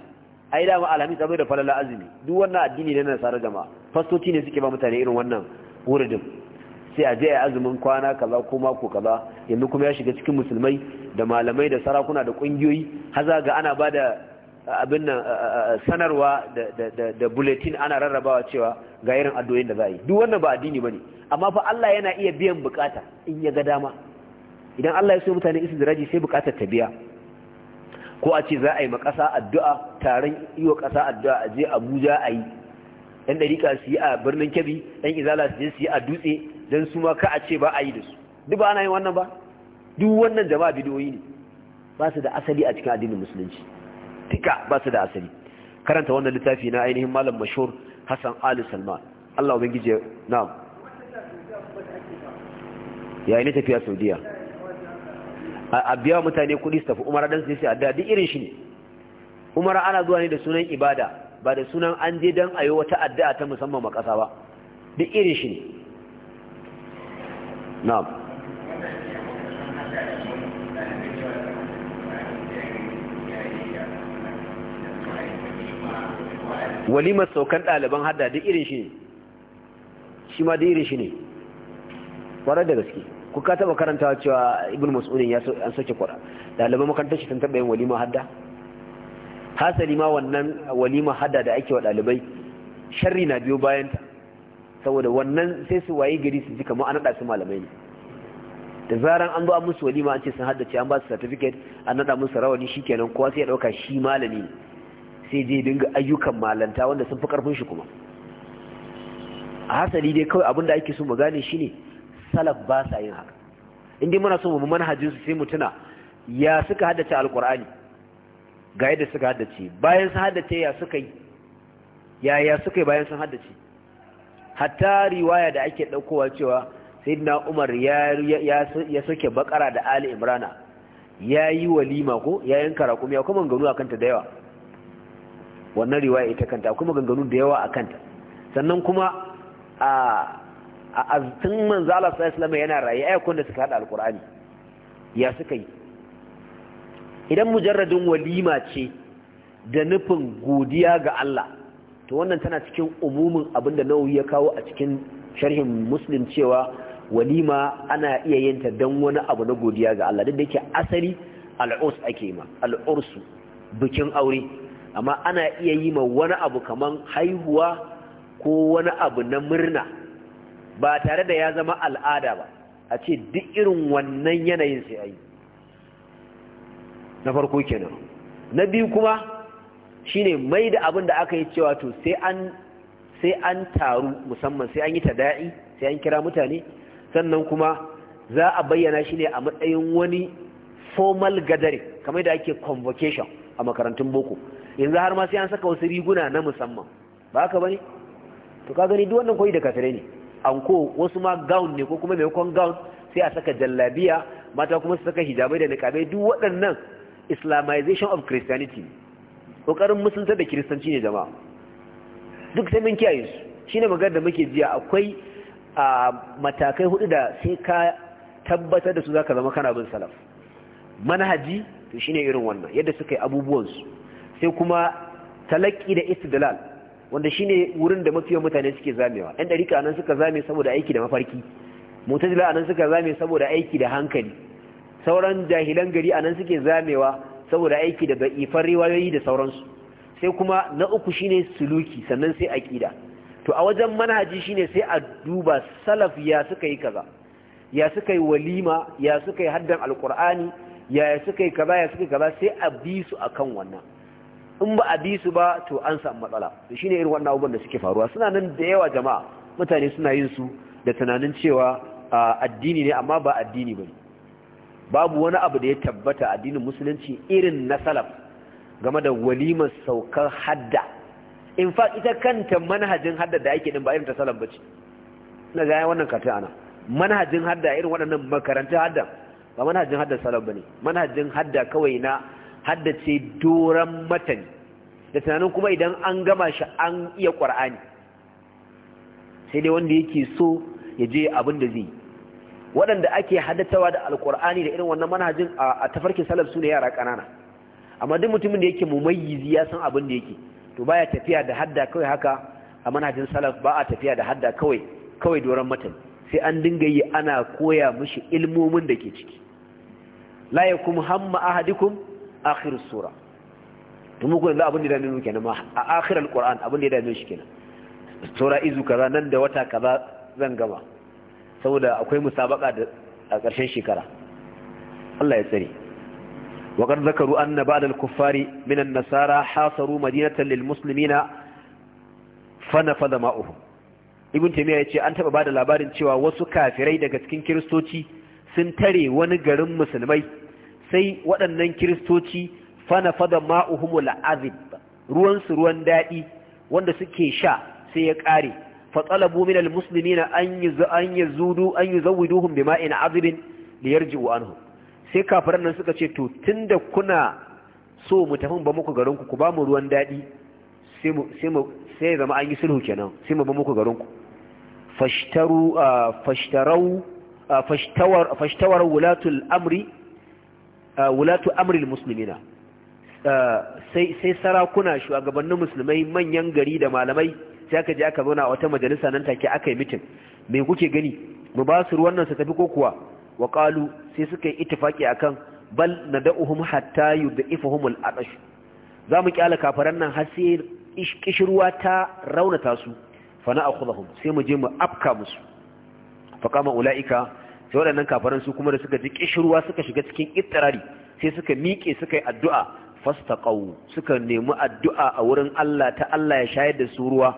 Speaker 1: ai dama alhamis abu da falala azumi duk wannan addini ne na nasara jama'a fastoci ne suke ba mutane irin wannan wuridin sai a je a azumin kwana kaza ko mako kaza yanzu kuma ya shiga cikin musulmai da malamai da sarakuna da kungiyoyi haza ga ana ba da abin nan sanarwa da bulletin ana rarrabawa cewa ga irin addu'o'in da za a yi duk wannan ba addini bane amma fa Allah yana iya biyan bukata in ya ga dama idan Allah ya so mutane istidraji sai bukatar ta biya ko a ce za a yi makasa addu'a taron iyo kasa addu'a a je Abuja a yi ɗan ɗariƙa su yi a birnin Kebbi ɗan izala su je su yi a dutse don su ma ka a ce ba a yi da su duk ba ana yin wannan ba duk wannan jama'a bidiyoyi ne ba su da asali a cikin addinin musulunci tika ba su da asali karanta wannan littafi na ainihin malam mashur Hassan Ali Salman Allah ubangije na'am na tafiya Saudiya a biya mutane kuɗi su tafi umara dan su yi addu'a duk irin shi ne umara ana zuwa ne da sunan ibada ba da sunan an je dan a yi wata addu'a ta musamman ma ƙasa ba duk irin shi ne na'am walimar saukan ɗaliban hadda duk irin shi ne shi ma duk irin shi ne ƙwarar da gaske ku ka taba karantawa cewa ibn mas'udin ya an sake qur'an dalibai makarantar shi sun taba yin walima hadda hasali ma wannan walima hadda da ake wa dalibai? sharri na biyo bayan ta saboda wannan sai su waye gari su ji kamar an nada su malamai ne da zaran an zo an musu walima an ce sun haddace an ba su certificate an naɗa musu rawani shikenan kowa sai ya ɗauka shi malami ne sai je dinga ayyukan malanta wanda sun fi karfin shi kuma a hasali dai kawai abin da ake so mu gane shine salaf ba sa yin haka indai muna so mu manhajin su sai mu tuna ya suka haddace alqur'ani ga yadda suka haddace bayan sun haddace ya suka yi ya ya suka yi bayan sun haddace hatta riwaya da ake daukowa cewa sayyidina umar ya ya soke bakara da ali imrana ya yi walima ko ya yanka raƙumi ya kuma ganganu akan ta da yawa wannan riwaya ita kanta akwai ganganu da yawa akan ta sannan kuma a a tun manzo Allah sallallahu alaihi yana raye ayyukan da suka hada alqur'ani ya suka yi idan mujarradin walima ce da nufin godiya ga Allah to wannan tana cikin umumin abinda Nawawi ya kawo a cikin sharhin Muslim cewa walima ana iya yin ta dan wani abu na godiya ga Allah duk da yake asali al'urs ake ma al'urs bikin aure amma ana iya yi ma wani abu kaman haihuwa ko wani abu na murna ba tare da ya zama al'ada ba a ce duk irin wannan yanayin sai ayi na farko kenan na biyu kuma shine mai da abin da aka yi cewa to sai an sai an taru musamman sai an yi ta tada'i sai an kira mutane sannan kuma za a bayyana shi ne a matsayin wani formal gathering kamar da ake convocation a makarantun boko yanzu har ma sai an saka wasu riguna na musamman ba haka bane to ka gani duk wannan koyi da katare ne anko wasu ma gown ne ko kuma mai maimakon gown sai a saka jallabiya mata kuma su saka hijabai da niqabai duk waɗannan islamization of christianity kokarin musulunta da kiristanci ne jama'a duk sai mun kiyaye su shine magana da muke jiya akwai a matakai hudu da sai ka tabbatar da su zaka zama kana bin salaf manhaji to shine irin wannan yadda suka yi abubuwan su sai kuma talaki da istidlal wanda shine wurin da mafiyan mutane suke zamewa ɗan ɗarika nan suka zame saboda aiki da mafarki mutazila nan suka zame saboda aiki da hankali sauran jahilan gari anan suke zamewa saboda aiki da da'ifan riwayoyi da sauransu sai kuma na uku shine suluki sannan sai aqida to a wajen manhaji shine sai a duba salaf ya suka yi kaza ya suka yi walima ya suka yi haddan alqur'ani ya suka yi kaza ya suka yi kaza sai a bi su akan wannan in ba a bi su ba to an samu matsala to shine irin wannan abubuwan da suke faruwa suna nan da yawa jama'a mutane suna yin su da tunanin cewa addini ne amma ba addini bane babu wani abu da ya tabbata addinin musulunci irin na salaf game da walimar saukar hadda in fact ita kanta manhajin hadda da ake din ba irin ta salaf bace na ga wannan katin ana manhajin hadda irin waɗannan makarantun hadda ba manhajin hadda salaf bane manhajin hadda kawai na haddace doron matani da tunanin kuma idan an gama shi an iya ƙwar'ani sai dai wanda yake so ya je abin da zai waɗanda ake haddatawa da alƙwar'ani da irin wannan manhajin a tafarkin salaf su ne yara ƙanana amma duk mutumin da yake mumayyizi ya san abin da yake to baya tafiya da hadda kawai haka a manhajin salaf ba a tafiya da hadda kawai kawai doron matan sai an dinga yi ana koya mishi ilmomin da ke ciki la yakum hamma ahadikum akhir sura to muku da abin da ya mu kenan ma a akhir alquran abin da ya shi kenan sura izu kaza nan da wata kaza zan gama saboda akwai musabaka da a ƙarshen shekara Allah ya tsare wa qad zakaru anna ba'd al-kuffari min an-nasara hasaru madinatan lil-muslimina ibn taymiya yace an taba bada labarin cewa wasu kafirai daga cikin kiristoci sun tare wani garin musulmai sai waɗannan kiristoci fana fada ma'uhumu la'azib ruwansu ruwan daɗi wanda suke sha sai ya ƙare fatsalabu minal musulmi na an yi zudu an yi zawuduhun bi ma'in azibin da yarji'u anhu sai kafiran nan suka ce to tunda kuna so mu tafi ba muku garinku ku ba mu ruwan daɗi sai zama an yi sulhu kenan sai mu ba muku garinku fashtaru ah, fashtarau ah, fashtawar wulatul amri wulatu amril muslimina sai sarakuna shugabannin musulmai manyan gari da malamai sai aka je aka zauna a wata majalisa nan take aka yi mitin me kuke gani mu ba su ruwan nan su tafi ko kuwa wa qalu sai suka yi ittifaki akan bal nad'uhum hatta yud'ifuhum al Za zamu kyala kafaran nan har sai kishirwa ta raunata su fa akhudhum sai mu je mu afka musu fa kama ulaika sai waɗannan kafaran su kuma da suka ji kishirwa suka shiga cikin ittirari sai suka miƙe suka yi addu'a fastaqau suka nemi addu'a a wurin Allah ta Allah ya shayar da su ruwa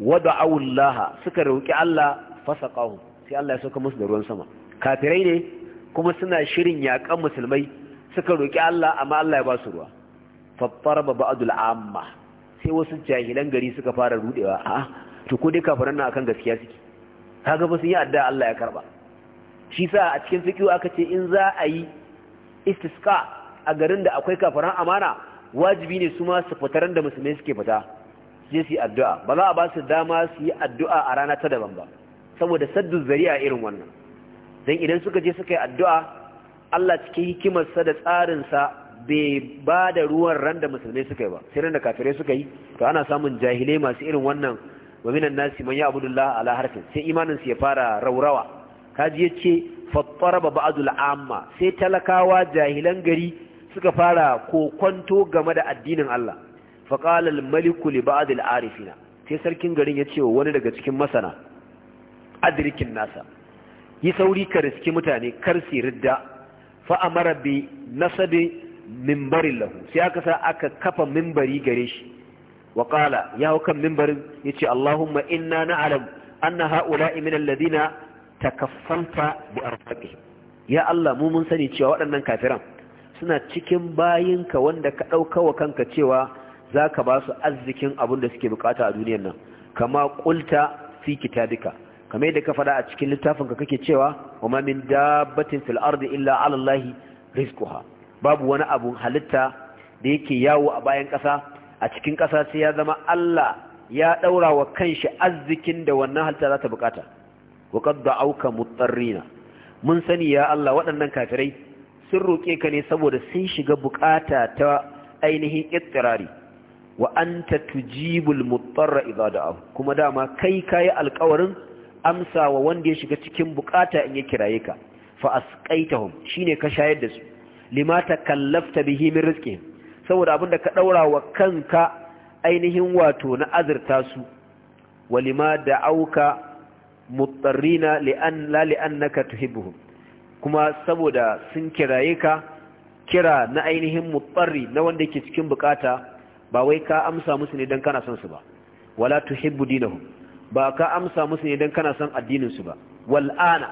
Speaker 1: wada'u Allah suka roki Allah fasaqahu sai Allah ya sauka musu da ruwan sama kafirai ne kuma suna shirin yaƙan musulmai suka roki Allah amma Allah ya ba su ruwa fattaraba ba'dul amma sai wasu jahilan gari suka fara rudewa a to ko dai kafiran nan akan gaskiya suke haka ba sun yi addu'a Allah ya karba shi sa a cikin fikiyo aka ce in za a yi istiska a garin da akwai kafaran amana wajibi ne su ma su fitarar da musulmai suke fita sai su yi addu'a ba za a ba su dama su yi addu'a a rana ta daban ba saboda saddu zari'a irin wannan dan idan suka je suka yi addu'a Allah cikin hikimarsa da tsarinsa bai ba da ruwan ran da musulmai suka yi ba sai ran da kafirai suka yi to ana samun jahilai masu irin wannan wa minan nasi man ya'budu Allah ala harfin sai imanin su ya fara raurawa kaji yace fattaraba ba'dul amma sai talakawa jahilan gari suka fara kokonto game da addinin Allah fa qala al maliku li ba'dil arifina sai sarkin garin ya ce wani daga cikin masana adrikin nasa yi sauri ka riski mutane kar su ridda fa amara bi nasabi mimbarin lahu sai aka sa aka kafa mimbari gare shi wa qala ya hukan mimbarin yace Allahumma inna na'lam anna ha'ula'i min alladhina takaffalta bi arfaqihim ya Allah mu mun sani cewa waɗannan kafiran suna cikin bayinka wanda ka ɗauka wa kanka cewa za ka ba su arzikin abun da suke bukata a duniyar nan kama ƙulta fi kitabika kama yadda ka faɗa a cikin littafinka kake cewa wa ma min dabbatin fil ardi illa ala Allah rizquha babu wani abun halitta da yake yawo a bayan ƙasa a cikin ƙasa sai ya zama Allah ya ɗaura wa kanshi arzikin da wannan halitta za ta bukata waƙad da auka mutsarrina mun sani ya Allah waɗannan kafirai sun roƙe ka ne saboda sun shiga bukata ta ainihin ittirari wa anta tujibul mutsarra idza da'ahu kuma dama kai yi alƙawarin amsa wa wanda ya shiga cikin bukata in ya kiraye ka fa asqaitahum shine ka shayar da su lima takallafta bihi min rizqihim saboda abinda ka daura wa kanka ainihin wato na azurta su walima da auka mutarrina li'an la li'annaka tuhibbuhum kuma saboda sun kiraye ka kira na ainihin mutarri na wanda yake cikin bukata ba wai ka amsa musu ne dan kana son su ba wala tuhibbu dinahum ba ka amsa musu ne dan kana son addinin su ba wal'ana.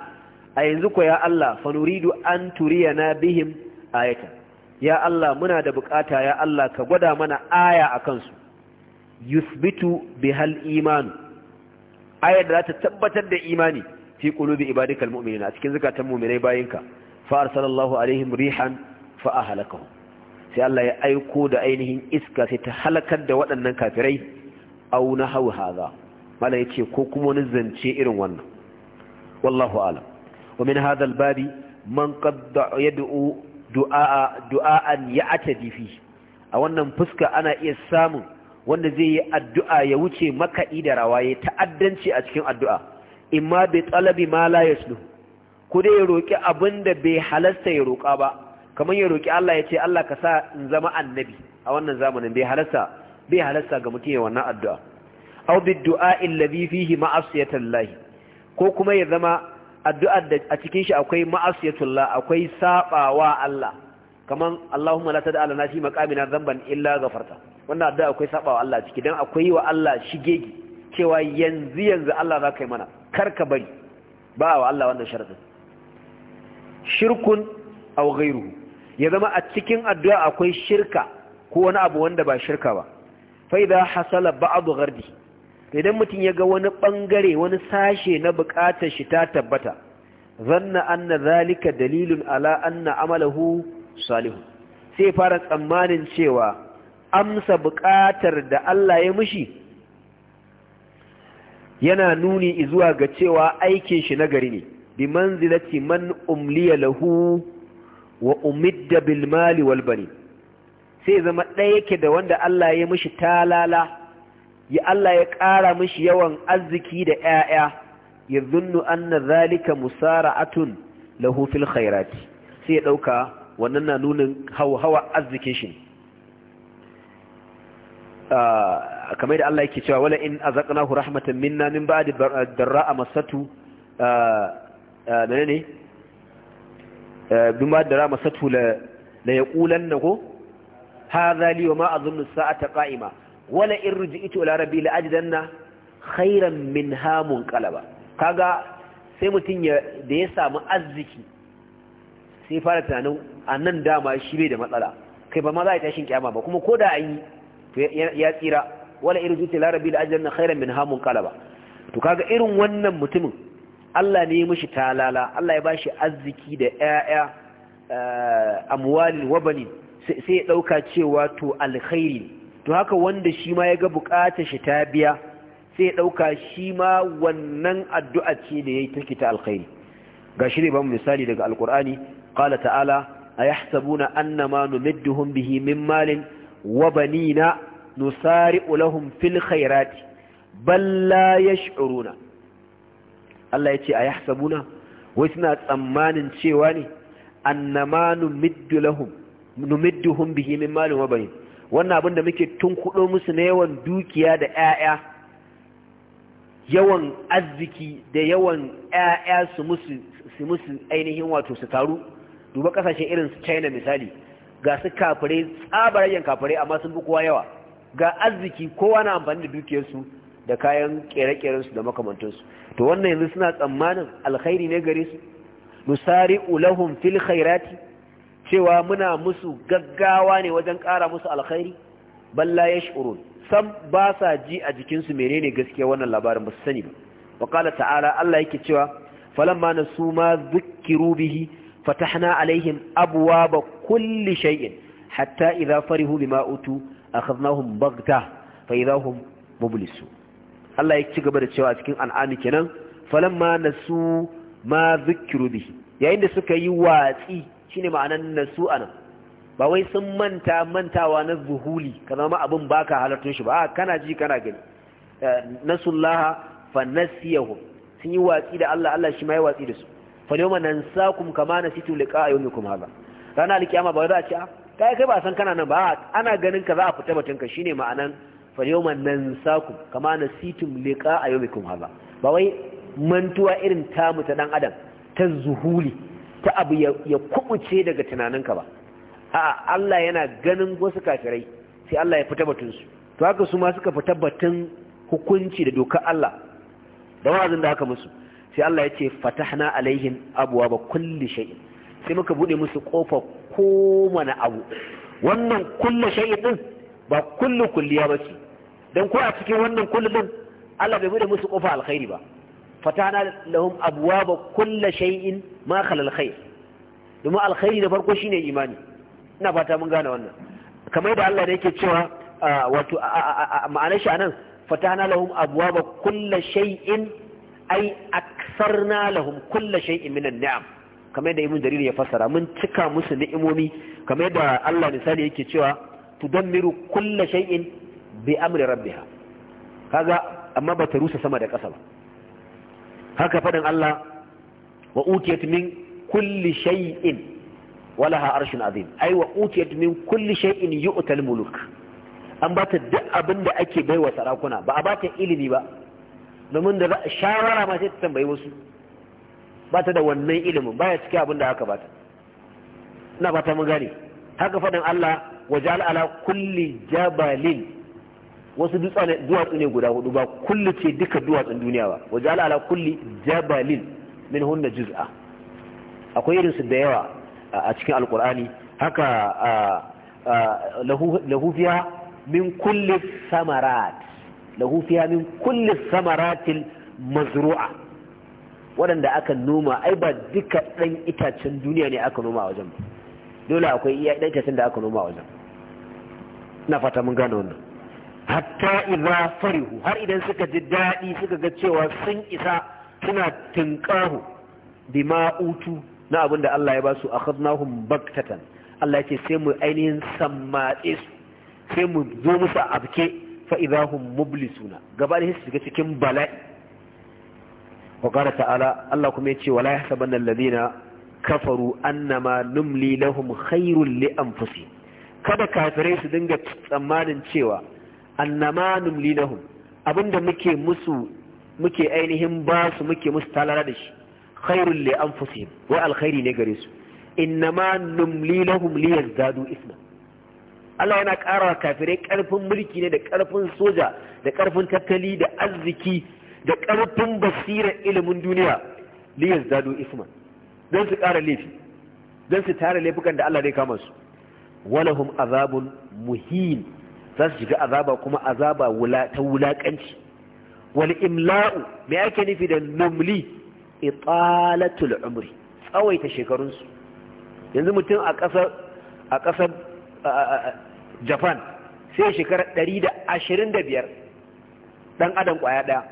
Speaker 1: a yanzu ko ya Allah fa nuridu an turiyana bihim ayatan ya Allah muna da bukata ya Allah ka gwada mana aya a kansu yusbitu bihal imanu ayar da za ta tabbatar da imani fi qulubi ibadikal mu'minina a cikin zakatan mu'minai bayinka fa arsalallahu alaihim rihan fa ahlakahum sai Allah ya aiko da ainihin iska sai ta halakar da waɗannan kafirai aw nahaw hadha mala yace ko kuma wani zance irin wannan wallahu a'lam wa min hadha al-babi man qad yad'u du'a'an ya atadi difi a wannan fuska ana iya samun wanda zai yi addu'a ya wuce makaɗi da rawaye ta'addanci a cikin addu'a In ma bi tsalabi ma la yaslu ku dai ya roƙi abin da bai halasta ya roƙa ba kamar ya roƙi Allah ya ce Allah ka sa in zama annabi a wannan zamanin bai halasta bai halasta ga mutum ya wannan addu'a aw bi du'a alladhi fihi ma'asiyatan lahi ko kuma ya zama addu'ar da a cikin shi akwai ma'asiyatullah akwai saɓawa Allah Kamar Allahumma la tad'a lana fi maqamina dhanban illa ghafarta wannan addu'a akwai saɓawa Allah ciki dan akwai wa Allah shigegi cewa yanzu yanzu Allah za ka yi mana kar ka bari ba wa Allah wannan sharadin shirkun aw ya zama a cikin addu'a akwai shirka ko wani abu wanda ba shirka ba fa idha hasala ba'd ghardi idan mutum ya ga wani ɓangare wani sashe na bukatar shi ta tabbata zanna anna zalika dalilun ala anna amalahu salihu sai fara tsammanin cewa amsa bukatar da Allah ya mishi yana nuni zuwa ga cewa aikin shi nagari ne bi manzilati man umliya lahu wa umidda bil mali wal bani sai zama ɗaya yake da wanda Allah ya mishi talala ya Allah ya ƙara mishi yawan arziki da ‘ya'ya ya zunnu an na zalika musara'atun lahufil khairati sai ya ɗauka wannan na nunin hawa arzikin shi kamar da Allah yake cewa wala in azaqnahu rahmatan minna min ba'di darra'a masatu ne? bin ba'di darra'a masatu la yaqulanna ko hadha li wa ma azunnu as-sa'ata qa'ima wala in ruji'itu ila rabbi la ajidanna khairan minha munqalaba kaga sai mutum ya da ya samu arziki sai fara tunanin annan dama shi bai da matsala kai ba ma za a tashin kiyama ba kuma koda an yi ya tsira wala in ruji'itu ila rabbi la ajidanna khairan mun kalaba. to kaga irin wannan mutumin Allah ne ya mishi talala Allah ya bashi arziki da ƴaƴa eh, amwalin wabani sai ya ɗauka cewa to alkhairi to haka wanda shi ma ya ga bukatar shi ta biya sai ya ɗauka shi ma wannan addu'a ce da ya yi take ta alkhairi ga shi ne ba mu misali daga alkur'ani ƙala ta'ala a ya sabuna anna ma numidduhum bihi min malin wa banina nusari ulahum fil khairati balla ya shi'uruna Allah ya ce a ya sabuna wai suna tsammanin cewa ne annama numidduhum bihi min malin wa bani. wannan abin da muke tun kuɗo musu na yawan dukiya da 'ya'ya yawan arziki da yawan 'ya'ya su musu ainihin wato su taru duba kasashe irin su China misali ga su kafirai tsabarayen kafirai amma sun fi kowa yawa ga arziki kowa na amfani da dukiyarsu da kayan kere ƙerensu da makamantansu to wannan yanzu suna tsammanin alkhairi ne gare su lahum fil khairati cewa muna musu gaggawa ne wajen ƙara musu alkhairi balla ya shurun sam ba sa ji a jikinsu ne gaskiya wannan labarin ba su sani ba wa ta'ala Allah yake cewa falamma su ma dhukiru bihi fatahna alaihim ba kulli shay'in hatta idza farihu bima utu akhadnahum baghta fa idza hum mublisu Allah ya ci gaba da cewa cikin an'ami kenan falamma su ma dhukiru bihi yayin da suka yi watsi shine ma'anar nasu anan ba wai sun manta mantawa na zuhuli ka zama abin baka halartun shi ba a kana ji kana gani eh, nasullaha fa nasiyahum sun yi watsi da Allah Allah shi ma ya watsi da su fa nan sa nansakum kama na yau liqa'a kuma haza. rana alkiyama ba za a ce ah, kai kai ba san kana nan ba ana ganin ka za a fita batun ka ne ma'anar fa nan sa nansakum kama na nasitum liqa'a yawmikum hadha ba wai mantuwa irin tamu ta dan adam ta zuhuli ta abu ya kubuce daga tunaninka ba a Allah yana ganin wasu kafirai sai Allah ya fita su to haka su ma suka fita batun hukunci da dokar Allah da wazin da haka musu sai Allah ya ce fatahna alaihim abuwa ba kulli shay'in sai muka bude musu kofa mana abu wannan kulli shay'in din ba kullu kulliya bace dan ko a cikin wannan kullu din Allah bai bude musu kofa alkhairi ba fatana lahum abwaba kulli shay'in ma khala alkhair domin alkhairi da farko shine imani ina fata mun gane wannan kamar da Allah ne yake cewa wato ma'anar shi anan fatana lahum abwaba kulli shay'in ai aksarna lahum kulli shay'in minan ni'am kamar da ibn jarir ya fassara mun cika musu ni'imomi kamar da Allah misali yake cewa tudammiru kulli shay'in bi amri rabbiha kaga amma bata rusa sama da ƙasa ba haka faɗin Allah wa min kulli shay'in ha arshin azim ai wa utiyat min kulli shay'in yu'tal muluk an ba ta duk abin da ake baiwa sarakuna ba a ba ta ilimi ba domin da shawara ma sai ta tambayi wasu ba ta da wannan ilimin baya ciki abin da aka ba ta ina ba ta mun gane haka faɗin Allah wa ja'al ala kulli jabalin wasu duwatsu ne guda hudu ba kullu ce duka duwatsun duniya ba waje ala kulli jabalin min hunna juz'a akwai irin su da yawa a cikin alkur'ani haka lahu min kulli samarat lahu min kulli samaratil mazru'a waɗanda aka noma ai ba duka ɗan itacen duniya ne aka noma a wajen ba dole akwai iya ɗan itacen da aka noma a wajen na fata mun gane wannan hatta idza farihu har idan suka ji daɗi suka ga cewa sun isa suna tinkahu bima utu na abin Allah ya ba su akhadnahum baktatan Allah yake sai mu ainihin sammatse su sai mu zo musu abke fa idahum mublisuna gaba da su shiga cikin bala'i wa qala ta'ala Allah kuma yace wala yahsabanna alladhina kafaru annama numli lahum khairul li anfusih kada kafirai su dinga tsammanin cewa annama numli lahum abinda muke musu muke ainihin ba su muke musu talara da shi khairul li anfusihim wa alkhairi ne gare su innama numli lahum liyazdadu isma Allah yana ƙara kafirai ƙarfin mulki ne da ƙarfin soja da ƙarfin tattali da arziki da ƙarfin basirar ilimin duniya liyazdadu isma don su ƙara laifi don su tara laifukan da Allah zai kama su walahum azabun muhin za su shiga azaba kuma azaba ta wulaƙanci wal imla'u me ake nufi da numli italatul umri tsawaita shekarunsu yanzu mutum a ƙasar a ƙasar japan sai shekara 125 dan adam kwaya ɗaya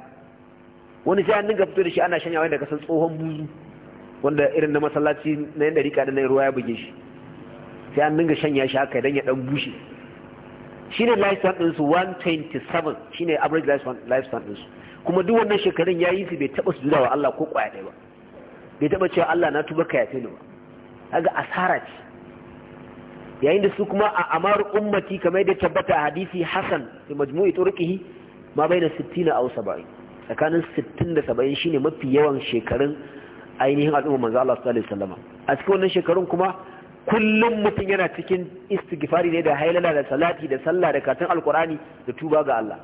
Speaker 1: wani sai an dinga fito da shi ana shanyawa da kasar tsohon buzu wanda irin na masallaci na yanda rika da na ruwa ya buge shi sai an dinga shanya shi haka idan ya ɗan bushe Shi shine lifespan ɗinsu 127 ne average lifespan ɗinsu kuma duk wannan shekarun ya yi su bai taɓa su wa Allah ko ƙwaya ɗaya ba bai taɓa cewa Allah na tuba ka yafe ni ba kaga asara ce yayin da su kuma a amar ummati kamar da tabbata a hadisi Hassan fi majmu'i turqihi ma baina 60 aw 70 tsakanin 60 da 70 shine mafi yawan shekarun ainihin al'umma manzo Allah sallallahu alaihi wasallam a cikin wannan shekarun kuma kullum mutum yana cikin istighfari ne da hailala da salati da sallah da katin alkurani da tuba ga Allah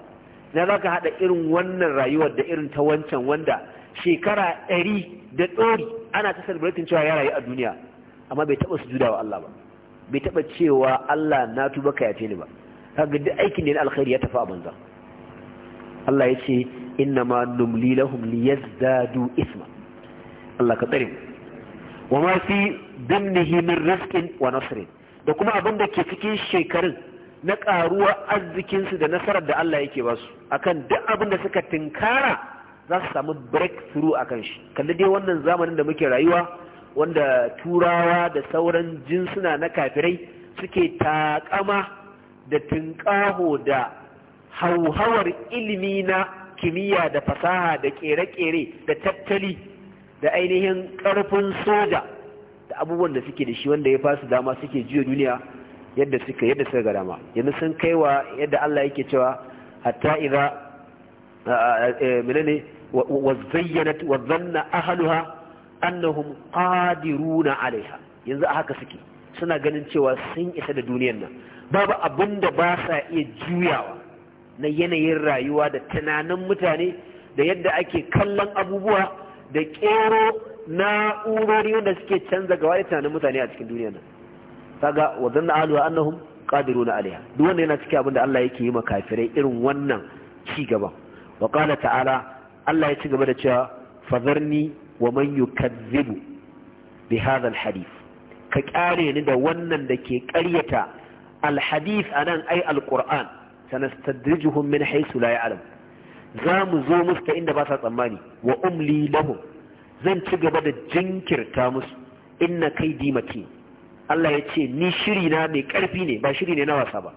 Speaker 1: na zaka haɗa irin wannan rayuwar da irin ta wancan wanda shekara ɗari da ɗori ana ta celebrating cewa ya rayu a duniya amma bai taɓa sujuda wa Allah ba bai taɓa cewa Allah na tuba ka ni ba kaga duk aikin da na alkhairi ya tafi a banza Allah ya ce inna ma numli lahum liyazdadu isma Allah ka tsare wa ma fi dimnihi min rizqin wa nasrin da kuma abin da ke cikin shekarun na ƙaruwar arzikinsu da nasarar da Allah yake basu akan duk abin da suka tinkara za su samu breakthrough akan shi kalli dai wannan zamanin da muke rayuwa wanda turawa da sauran jinsuna na kafirai suke takama da tinkaho da hauhawar ilimi na kimiyya da fasaha da kere-kere da tattali da ainihin ƙarfin soja da abubuwan da suke da shi wanda ya fasu dama suke jiya duniya yadda suka yadda suka ga dama yanzu sun kaiwa yadda Allah yake cewa hatta idza eh, menene wa dhanna ahluha annahum qadiruna alaiha yanzu a haka suke suna ganin cewa sun isa da duniyar nan babu abin da ba sa iya juyawa na yanayin rayuwa da tunanin mutane da yadda ake kallon abubuwa da kero na'urori wanda suke canza gaba da tunanin mutane a cikin duniya nan kaga wa zanna ahluha annahum qadiruna alaiha duk wanda yana cikin abin da Allah yake yi ma kafirai irin wannan ci gaba wa qala ta'ala Allah ya ci gaba da cewa fazarni wa man yukazzibu bi hadha alhadith ka kare ni da wannan da ke ƙaryata alhadith anan ai alquran sanastadrijuhum min haythu la ya'lam za mu zo musu ta inda ba sa tsammani wa umli lahum zan ci gaba da jinkirta musu inna kai dimati Allah ya ce ni shiri na mai karfi ne ba shiri ne na wasa ba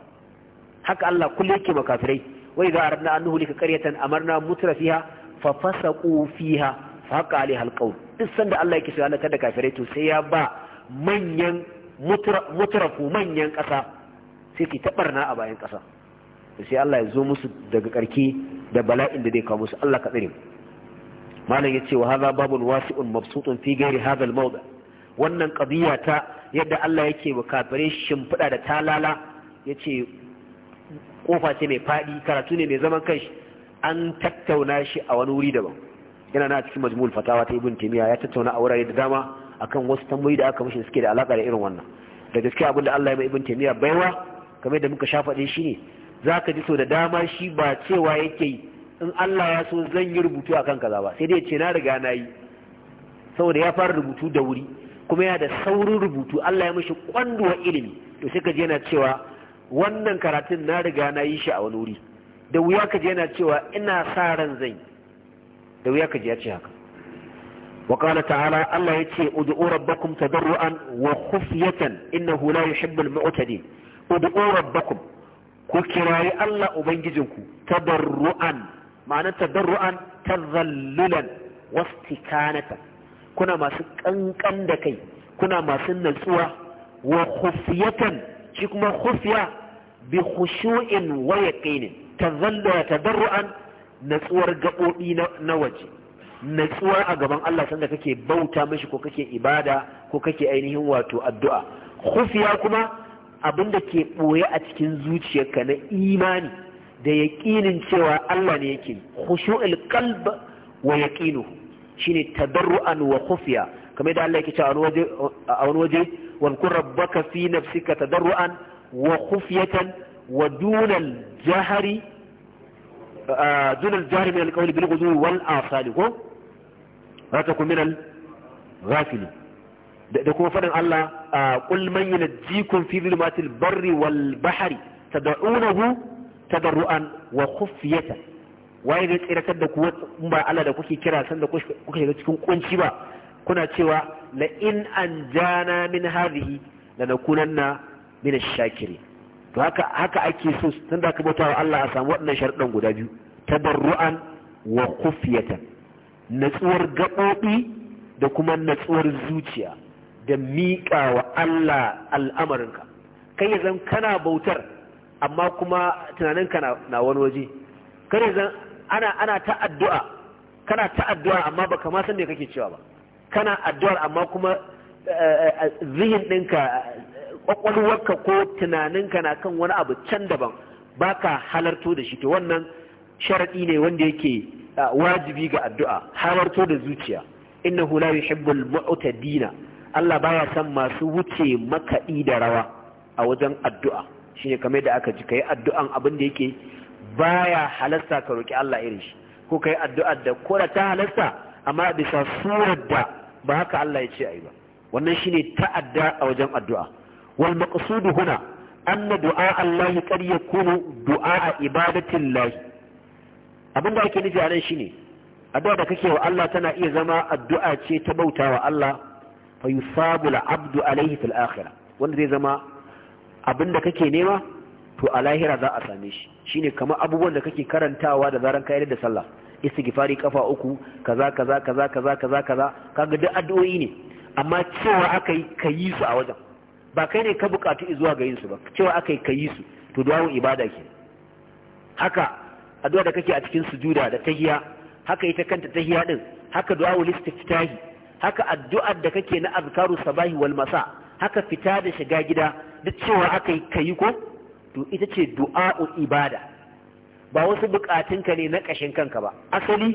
Speaker 1: haka Allah kullum yake makafirai wai za a radna an nuhuli ka karyatan amarna mutura fiha fa fasaqu fiha fa duk sanda Allah yake cewa Allah kada kafirai to sai ya ba manyan mutrafu manyan kasa sai ki tabarna a bayan kasa sai Allah ya zo musu daga karki da bala'in da zai kawo musu Allah ka tsare malam yace wa hadha babul wasi'un mabsutun fi ghairi hadha al wannan qadiya ta yadda Allah yake wa kafirai shimfida da talala yace kofa ce mai fadi karatu ne mai zaman kanshi an tattauna shi a wani wuri daban yana na cikin majmul fatawa ta ibn timiya ya tattauna a wurare da dama akan wasu tambayoyi da aka mishi suke da alaka da irin wannan da gaskiya abinda Allah ya mai ibn timiya baiwa kamar da muka shafa shi ne zaka ji so da dama shi ba cewa yake in Allah ya so zan yi rubutu a kan kaza ba sai dai ce na riga na yi saboda ya fara rubutu da wuri kuma yana da saurin rubutu Allah ya mishi kwanduwa ilimi to sai ka je yana cewa wannan karatun na riga na yi shi a wani wuri da wuya ka yana cewa ina sa ran zan yi da wuya ka je ya ce haka wa qala ta'ala Allah yace ud'u rabbakum tadarruan wa khufyatan innahu la yuhibbu al-mu'tadin ud'u rabbakum ku kirayi Allah ubangijinku tadarruan ma'anar tadarru'an tazallulan wastikanatan kuna masu kankan da kai kuna masu natsuwa wa khufiyatan shi kuma khufiya bi khushu'in wa yaqinin tazallula tadarru'an natsuwar gabobi na waje natsuwa a gaban Allah sanda kake bauta mishi ko kake ibada ko kake ainihin wato addu'a khufiya kuma abinda ke boye a cikin zuciyarka na imani da yaƙinin cewa Allah ne yake khushu'ul qalb wa yaqinuhu shine tadarruan wa khufiya kamar da Allah yake cewa a wani waje wankun rabbaka fi nafsika tadarruan wa khufiyatan wa dunal jahari dunal jahari min alqawli bil ghudwi wal asali ko la takun min al ghafilin da kuma faɗin Allah qul man yunjikum fi dhulumatil barri wal bahri tad'unahu tadarru'an wa khufiyata waye zai tsiratar da ku in ba Allah da kuke kira san da kuka shiga cikin kunci ba kuna cewa la in anjana min hadhihi nakunanna min ash-shakirin to haka haka ake so tun da ka bauta wa Allah a samu wannan sharɗan guda biyu tadarru'an wa khufiyata natsuwar gaɓoɓi da kuma natsuwar zuciya da miƙa wa Allah al'amarinka kai ya zan kana bautar amma kuma tunaninka na wani waje kada zan ana ana ta addu'a kana ta addu'a amma baka ma san me kake cewa ba kana addu'ar amma kuma eh, eh, eh, zihin ɗinka kwakwalwarka ko tunaninka na kan wani abu can daban baka halarto da shi to wannan sharaɗi ne wanda yake wajibi ga addu'a halarto da zuciya innahu la yuhibbul mu'tadina Allah baya san masu wuce makaɗi da rawa a wajen addu'a shine kamar da aka ji yi addu'an abin da yake baya halasta ka roƙi Allah irin shi ko yi addu'ar da kora ta halasta amma bisa surar da ba haka Allah ya ce ayi ba wannan ne ta'adda a wajen addu'a wal maqsudu huna na du'a Allah ƙarya kunu du'a ibadatin lahi abinda ake nufi a nan shine addu'a da kake wa Allah tana iya zama addu'a ce ta bautawa Allah fa yusabu al-abdu alayhi fil akhirah wanda zai zama abin da kake nema to a lahira za a same shi shine kamar abubuwan da kake karantawa da zaran kayar da sallah istighfari kafa uku kaza kaza kaza kaza kaza kaza kaga duk addu'o'i ne amma cewa aka yi ka yi su a wajen ba kai ne ka bukatu zuwa ga yin su ba cewa aka yi ka yi su to duwawu ibada ke haka addu'a da kake a cikin sujuda da tahiya haka ita kanta tahiya din haka duwawo listiftahi haka addu'ar da kake na azkaru sabahi wal haka fita da shiga gida duk cewa aka yi kayi ko to ita ce du'a'u ibada ba wasu bukatunka ne na ƙashin kanka ba asali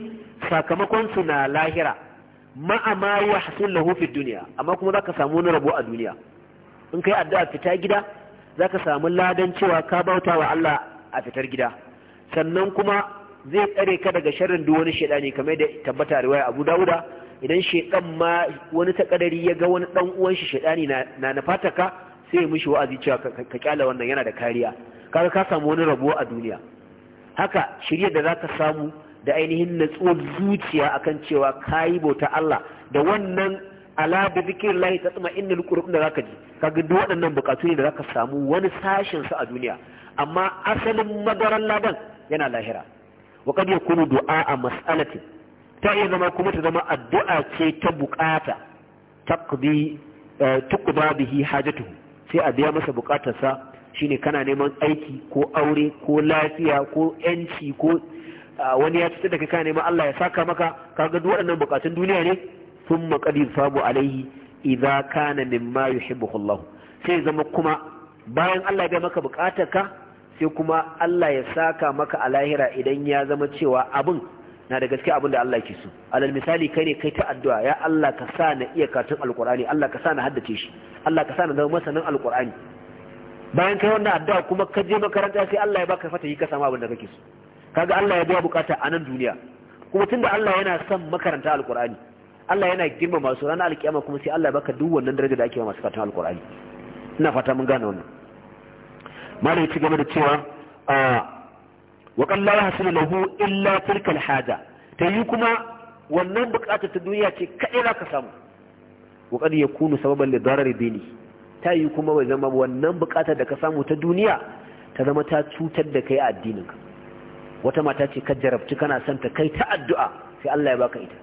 Speaker 1: sakamakon su na lahira ma amma ya hasul lahu fi duniya amma kuma zaka samu wani rabo a duniya in kai addu'a fita gida zaka samu ladan cewa ka bauta wa Allah a fitar gida sannan kuma zai tsare ka daga sharrin duk wani ne kamar da tabbata riwaya Abu da'uda idan shedan ma wani takadari ya ga wani dan uwan shi shedani na na fataka sai mishi wa'azi cewa ka kyala wannan yana da kariya kaga ka samu wani rabuwa a duniya haka shirya da zaka samu da ainihin natsuwar zuciya akan cewa kayi bauta Allah da wannan ala bi ta tatma innal da zaka ji kaga duk waɗannan bukatu ne da ka samu wani sashin su a duniya amma asalin madaran ladan yana lahira wa kad yakunu du'a a mas'alati ta iya zama kuma ta zama addu'a ce ta bukata taqdi eh, tuqda bihi hajatuhu sai a biya masa bukatarsa shine kana neman aiki ko aure ko lafiya ko yanci ko wani ya cutar da kai kana neman Allah ya saka maka kaga duk waɗannan bukatun duniya ne sun maƙadi sabu alaihi idza kana mimma yuhibbuhu sai zama kuma bayan Allah ya maka ka sai kuma Allah ya saka maka a lahira idan ya zama cewa abin na da gaske abin da Allah ke so alal misali kai ne kai ta addu'a ya Allah ka sa na iya katun alqur'ani Allah ka sa na haddace shi Allah ka sa na zama masanin alqur'ani bayan kai wannan addu'a kuma ka je makaranta sai Allah ya baka fatahi ka samu abin da kake so kaga Allah ya biya bukata a nan duniya kuma tunda Allah yana son makaranta alqur'ani Allah yana girma su ranar alkiyama kuma sai Allah ya baka duk wannan daraja da ake wa masu katun alqur'ani ina fata mun gane wannan malai ci gaba da cewa ah, wa kalla ya hasu lahu illa tilkal haja ta yi kuma wannan bukata ta duniya ce kaɗai za ka samu wa kad yakunu sababan li darari dini ta yi kuma bai zama wannan bukatar da ka samu ta duniya ta zama ta cutar da kai a addininka wata mata ce ka jarabci kana son ta kai ta addu'a sai Allah ya baka ita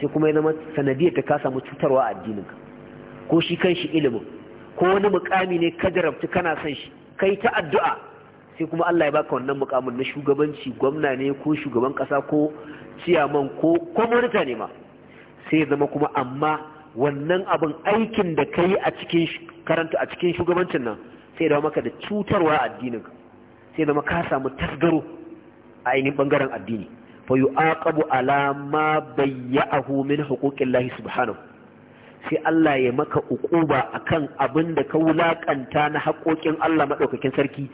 Speaker 1: sai kuma ya zama sanadiyar ta ka samu cutarwa a addininka ko shi kan shi ilimin ko wani mukami ne ka jarabci kana son shi kai ta addu'a sai kuma Allah ya baka wannan mukamin na shugabanci gwamna ne ko shugaban kasa ko ciyaman ko komunita ne ma sai zama kuma amma wannan abin aikin da ka yi a cikin karanta a cikin shugabancin nan sai da maka da cutarwa addinin sai da ka samu tasgaro a ainihin bangaren addini fa alama ala ma bayya'ahu min lahi subhanahu sai Allah ya maka ukuba akan abin da ka wulaƙanta na haƙoƙin Allah madaukakin sarki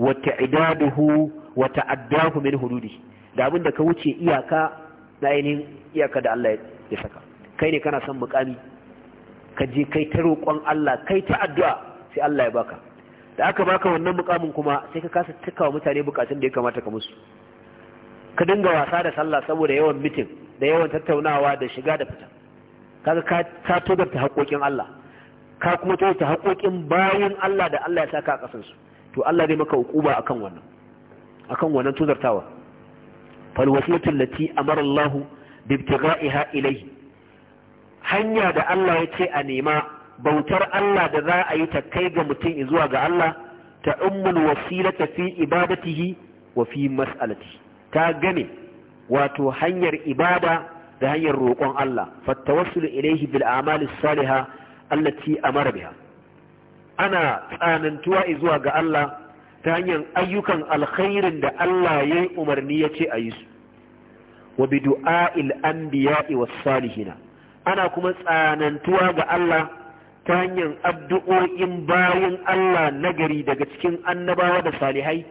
Speaker 1: wata idaduhu wata addahu min hududi da abin da ka wuce iyaka na ainihin iyaka da Allah ya saka kai ne kana son mukami ka je kai ta roƙon Allah kai ta addu'a sai Allah ya baka da aka baka wannan mukamin kuma sai ka kasa tukawa mutane bukatun da ya kamata ka musu ka dinga wasa da sallah saboda yawan mitin da yawan tattaunawa da shiga da fita kaga ka ka ta haƙoƙin Allah ka kuma ta haƙoƙin bayin Allah da Allah ya saka a ƙasarsu to Allah zai maka hukuma akan wannan akan wannan tuzartawa fal wasilatu lati amara Allah bi ibtigha'iha ilayhi hanya da Allah ya ce a nema bautar Allah da za a yi ta kai ga mutum zuwa ga Allah ta ummul wasilata fi ibadatihi wa fi ta game wato hanyar ibada da hanyar roƙon Allah fattawassul ilayhi bil a'mali saliha allati amara biha ana tsanantuwa zuwa ga Allah ta hanyar ayyukan alkhairin da Allah ya yi umarni ya ce a yi su wa bi du'a'il anbiya'i was salihina ana kuma tsanantuwa ga Allah ta hanyar addu'o'in bayan Allah nagari daga cikin annabawa da salihai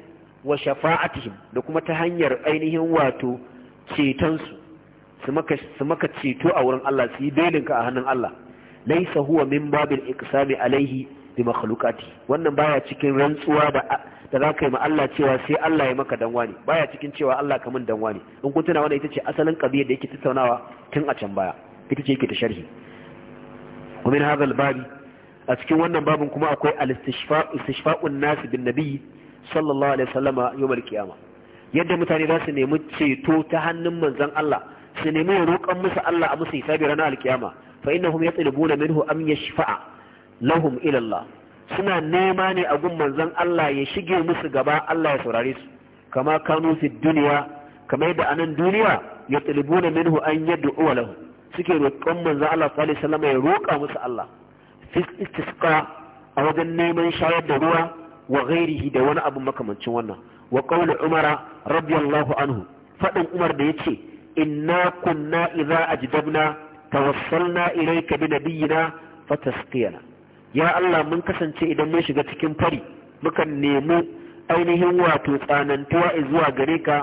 Speaker 1: wa shafa'atihim da kuma ta hanyar ainihin wato cetonsu su maka ceto a wurin Allah su yi belinka a hannun Allah laisa huwa min babil iqsami alaihi bi wannan baya cikin rantsuwa da da za ka yi ma Allah cewa sai Allah ya maka danwa ne baya cikin cewa Allah ka min danwa ne in kun tuna wannan ita ce asalin qadiyar da yake tattaunawa tun a can baya ita ce yake ta sharhi wa min hadha a cikin wannan babin kuma akwai al-istishfa istishfa'un nas bin nabi sallallahu alaihi wasallama yawmal qiyama yadda mutane za su nemi ceto ta hannun manzon Allah su nemi roƙon musu Allah a musu hisabi ranar alkiyama fa innahum yatlubuna minhu am yashfa'a lahum ilallah suna nema ne a gun manzon Allah ya shige musu gaba Allah ya saurare su kama kanu fi duniya kama yadda a nan duniya ya tsalibuna minhu an yadda uwa lahu suke roƙon manzon Allah sallallahu alaihi wasallam ya roƙa musu Allah fi istisqa a wajen neman shayar da ruwa wa ghairihi da wani abu makamancin wannan wa qawlu umara radiyallahu anhu fadin umar da yace inna kunna idza ajdabna tawassalna ilayka bi nabiyyina fatasqiyana ya Allah mun kasance idan mun shiga cikin fari mukan nemi ainihin wato tsanantuwa zuwa gare ka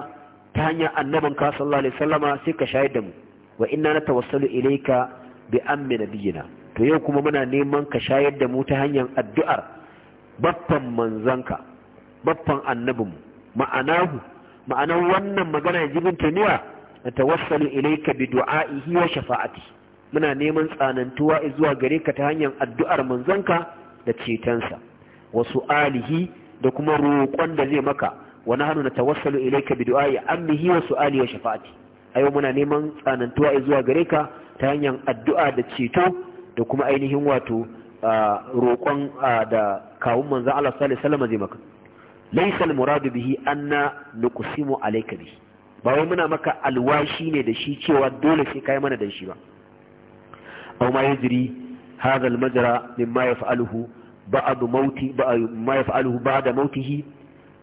Speaker 1: ta hanyar annabin ka sallallahu alaihi wasallama sai ka shayar da mu wa inna tawassalu ilayka bi ammi nabiyina to yau kuma muna neman ka shayar da mu ta hanyar addu'ar baffan manzanka baffan annabin mu ma'anahu ma'anar wannan magana jibin tuniya tawassalu ilayka bi du'a'ihi wa shafa'ati muna neman tsanantuwa zuwa gare ka ta hanyar addu'ar manzanka da cetonsa wasu alihi da kuma roƙon da zai maka wani hannu na tawassalu ilaika bi du'ai ammihi wa su'ali wa shafa'ati ayo muna neman tsanantuwa zuwa gare ka ta hanyar addu'a da ceto da kuma ainihin wato roƙon da kawun manzo Allah sallallahu alaihi wasallam zai maka laysa al-muradu bihi anna nuqsimu alayka bihi ba wai muna maka alwashi ne da shi cewa dole sai kai mana da shi ba aw ma yajri hadha al-majra mimma yaf'aluhu ba'd mauti ma yaf'aluhu ba'da mautihi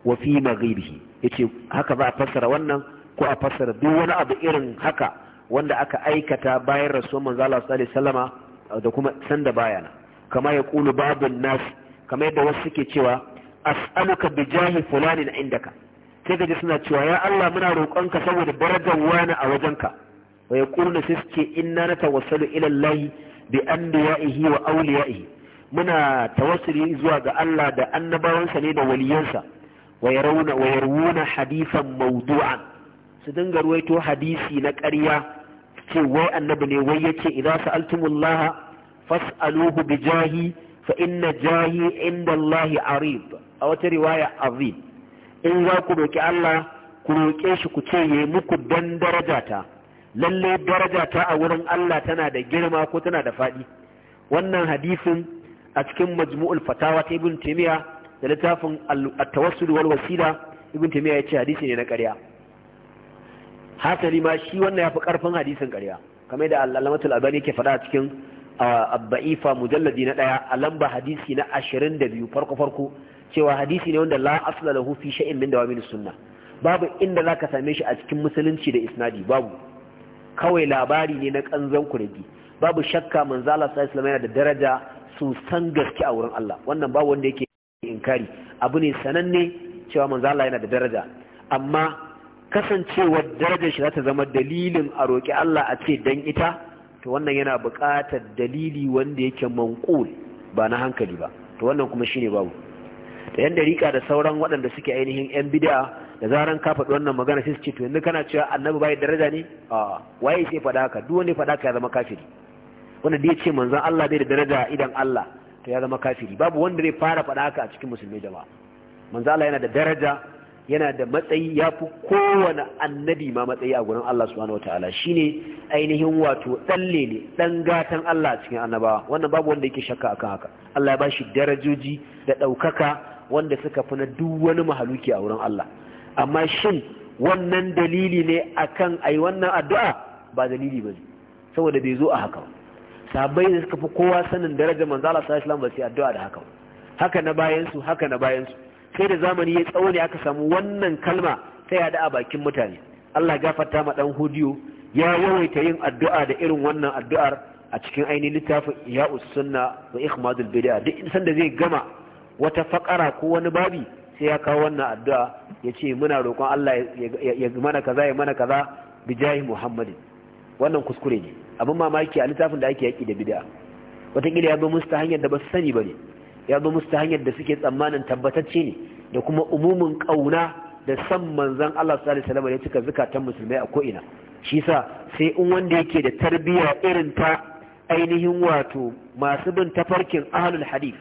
Speaker 1: wa fi ma ghayrihi yace haka za a fassara wannan ko a fassara duk wani abu irin haka wanda aka aikata bayan rasuwar manzo Allah sallallahu da kuma sanda bayana kama ya kulu babun nas kamar yadda wasu suke cewa as'aluka bi jahi indaka sai kaje suna cewa ya Allah muna roƙonka saboda darajar wani a ka. wa yaquluna sai suke inna natawassalu ila ilallahi, bi anbiya'ihi wa awliya'ihi muna tawassuli zuwa ga Allah da annabawansa ne da waliyansa wayarwuna hadisan wa su dinga ruwaito hadisi na ƙarya ce wai annabi ne wai yace idza sa'altumullaha fas'aluhu bi jahi fa inna jahi inda Allah arib a wata riwaya azim in za ku roki Allah ku roƙe shi ku ce yayi muku dan darajata lalle daraja ta a wurin Allah tana da girma ko tana da faɗi wannan hadisin a cikin majmu'ul fatawa ta ibn taymiya da littafin at-tawassul wal wasila ibn taymiya ce hadisi ne na ƙarya hasali ma shi wannan yafi karfin hadisin ƙarya kamar da al-alamatul albani yake faɗa a cikin abba'ifa mujalladi na ɗaya a lamba hadisi na 22 farko farko cewa hadisi ne wanda la asla lahu fi shay'in min dawamin sunna babu inda zaka same shi a cikin musulunci da isnadi babu kawai labari ne na kanzan kuregi babu shakka manzala sallallahu islam yana da daraja san gaske a wurin Allah wannan babu wanda yake inkari abu ne sananne cewa manzala yana da daraja amma kasancewar darajar shi za ta zama dalilin a roƙi Allah a ce dan ita to wannan yana buƙatar dalili wanda yake manqul ba na hankali ba to wannan kuma shine babu da yan dariƙa da sauran waɗanda suke ainihin yan bid'a da zaran ka faɗi wannan magana sai su ce to yanzu kana cewa annabi bai daraja ne a waye sai faɗa haka duk wanda ya faɗa ka ya zama kafiri wanda da ya ce manzon Allah bai da daraja idan Allah to ya zama kafiri babu wanda zai fara faɗa haka a cikin musulmai jama'a manzon Allah yana da daraja yana da matsayi ya fi kowane annabi ma matsayi a gurin Allah subhanahu wataala shine ainihin wato tsalle ne dan gatan Allah cikin annabawa wannan babu wanda yake shakka akan haka Allah ya bashi darajoji da ɗaukaka wanda suka fi na duk wani mahaluki a wurin Allah amma shin wannan dalili ne akan ai wannan addu'a ba dalili ba saboda bai zo a haka sabai da suka fi kowa sanin darajar manzala Allah sallallahu alaihi wasallam ba addu'a da haka haka na bayan haka na bayan sai da zamani ya tsawo ne aka samu wannan kalma ta yada a bakin mutane Allah gafarta ma dan hudiyo ya yawaita yin addu'a da irin wannan addu'ar a cikin ainihin littafin ya sunna wa ikhmadul bid'a duk sanda zai gama wata fakara ko wani babi sai ya kawo wannan addu'a ya ce muna roƙon Allah ya mana kaza ya mana kaza bi jahi Muhammadin wannan kuskure ne abin mamaki a littafin da ake yaƙi da bid'a wataƙila ya zo musu ta hanyar da ba su sani ba ne ya zo musu ta hanyar da suke tsammanin tabbatacce ne da kuma umumin ƙauna da san manzon Allah sallallahu alaihi wasallam ya cika zukatan musulmai a ko'ina shi sa sai in wanda yake da tarbiyya irin ta ainihin wato masu bin tafarkin ahlul hadith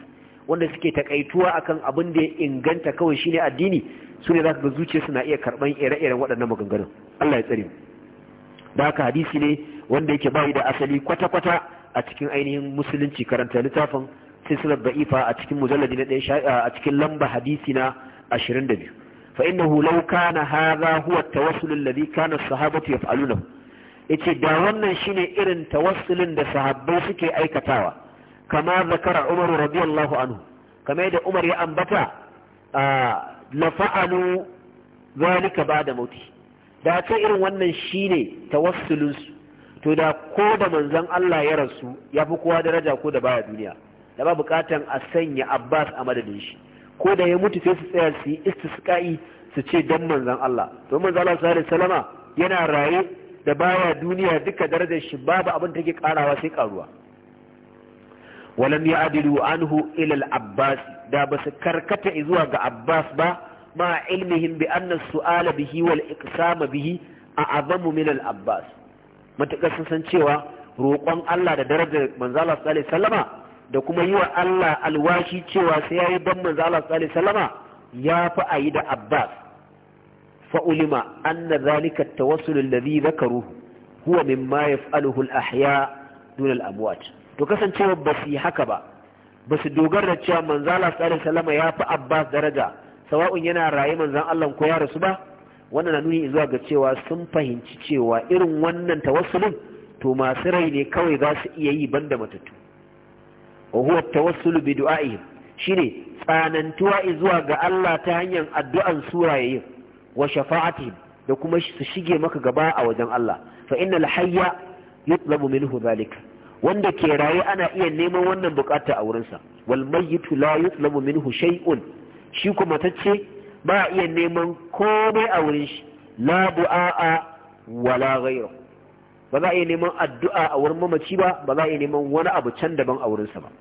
Speaker 1: wanda suke takaituwa akan abin da ya inganta kawai shine addini su ne za ka zuciya suna iya karban ire-iren waɗannan maganganun Allah ya tsare da haka hadisi ne wanda yake bayi da asali kwata-kwata a cikin ainihin musulunci karanta littafin silsilar da'ifa a cikin mujalladi na ɗaya a cikin lamba hadisi na 22 fa innahu law kana hadha huwa at-tawassul alladhi kana as-sahabatu yaf'alunahu yace da wannan shine irin tawassulin da sahabbai suke aikatawa kama zakara umar radiyallahu anhu kamar yadda umar ya ambata la fa'alu zalika ba'da mauti da ce irin wannan shine tawassulun su to da ko da manzon Allah ya rasu ya fi kowa daraja ko da baya duniya da ba bukatan a sanya Abbas a madadin shi ko da ya mutu sai su tsaya su yi istisqa'i su ce dan manzon Allah to manzon Allah sallallahu alaihi wasallama yana raye da baya duniya duka darajar shi babu abin take karawa sai karuwa walam ya adilu anhu ilal abbas da ba su karkata zuwa ga abbas ba ma ilmihim bi anna su'ala bihi wal iqsama bihi a azamu min al abbas matuƙar sun san cewa roƙon Allah da darajar manzo Allah sallallahu da kuma yi wa Allah alwashi cewa sai yayi dan manzo Allah sallallahu ya fi ayi da abbas fa ulima anna zalika at-tawassul alladhi dhakaruhu huwa mimma yaf'aluhu al-ahya dun al-amwat to kasancewa ba su yi haka ba ba su da cewa manzala tsarin Salama ya fi abbas daraja sawa'un yana rayu manzan Allah ko ya rasu ba wannan na nuni zuwa ga cewa sun fahimci cewa irin wannan tawassulin to masu rai ne kawai za su iya yi banda matattu wa huwa tawassulu bi du'a'ihim shine tsanantuwa zuwa ga Allah ta hanyar addu'an surayayin wa shafa'atihim da kuma su shige maka gaba a wajen Allah fa innal hayya yutlabu minhu zalika wanda ke raye ana iya neman wannan bukata a wurinsa wal mayyitu la yutlabu minhu shay'un shi kuma ce ba iya neman komai a wurin shi la du'a wala ghayru ba za a iya neman addu'a a wurin mamaci ba ba za a iya neman wani abu can daban a wurinsa ba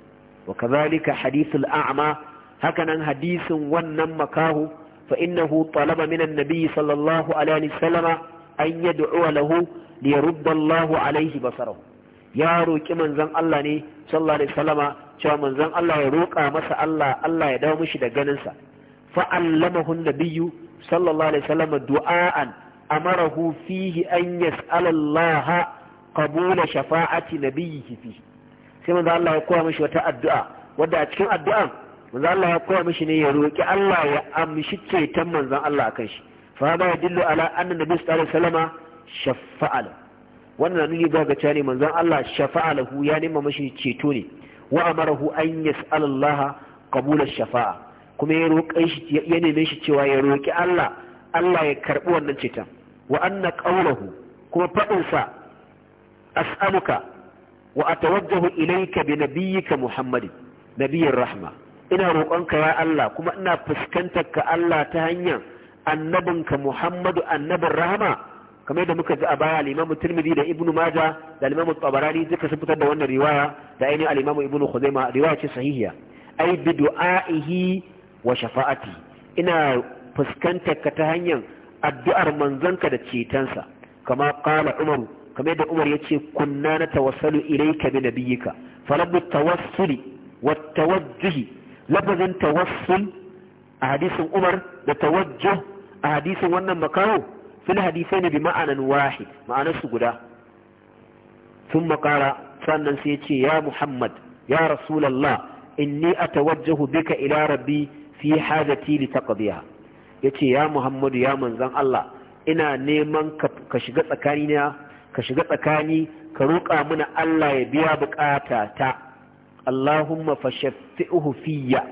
Speaker 1: wa kadhalika hadithul a'ma hakanan hadisin wannan makahu fa innahu talaba minan annabi sallallahu alaihi wasallama an yad'u lahu liyarudda Allahu alaihi basarahu ya roƙi manzon Allah ne sallallahu alaihi wasallama cewa manzon Allah ya roƙa masa Allah Allah ya dawo mishi da ganinsa fa allamahu nabiyyu sallallahu alaihi wasallama du'aan amarahu fihi an yas'ala Allah qabula shafa'ati nabiyyihi fi sai manzon Allah ya koya mishi wata addu'a wadda a cikin addu'an manzon Allah ya koya mishi ne ya roƙi Allah ya amshi ceton manzon Allah akan shi fa ma yadullu ala anna nabiyyu sallallahu alaihi wasallama shafa'a wannan nuni ga cewa ne manzon Allah shafa'a lahu ya nema mashi ceto ne wa amarahu an yas'al Allah qabula shafa'a kuma ya roƙe shi ya neme shi cewa ya roƙi Allah Allah ya karɓi wannan ceton wa anna qawluhu kuma faɗin sa as'aluka wa atawajjahu ilayka bi nabiyyika Muhammadin nabiyyir rahma ina roƙonka ya Allah kuma ina fuskantar ka Allah ta hanyar annabinka Muhammadu annabin rahama kamar da muka ji a baya al-Imam Tirmidhi da Ibn Majah da al-Imam Tabarani duka sun fitar da wannan riwaya da ainihin al-Imam Ibn Khuzaima riwaya ce sahihiya ai bi du'aihi wa shafa'ati ina fuskantar ka ta hanyar addu'ar manzanka da cetonsa kama qala Umar kamar da Umar yace kunna na tawassalu ilayka bi nabiyyika falabu tawassuli wa tawajjuhi lafazin tawassul a hadisin Umar da tawajjuh a hadisin wannan makawo fil hadisai bi ma'anan wahid ma'anar su guda sun makara sannan sai ce ya muhammad ya rasulallah inni atawajjahu bika ila rabbi fi hajati li taqdiha yace ya muhammadu ya manzon Allah ina neman ka shiga tsakani na ka shiga tsakani ka roƙa mana Allah ya biya bukata ta Allahumma fashaffi'uhu fiyya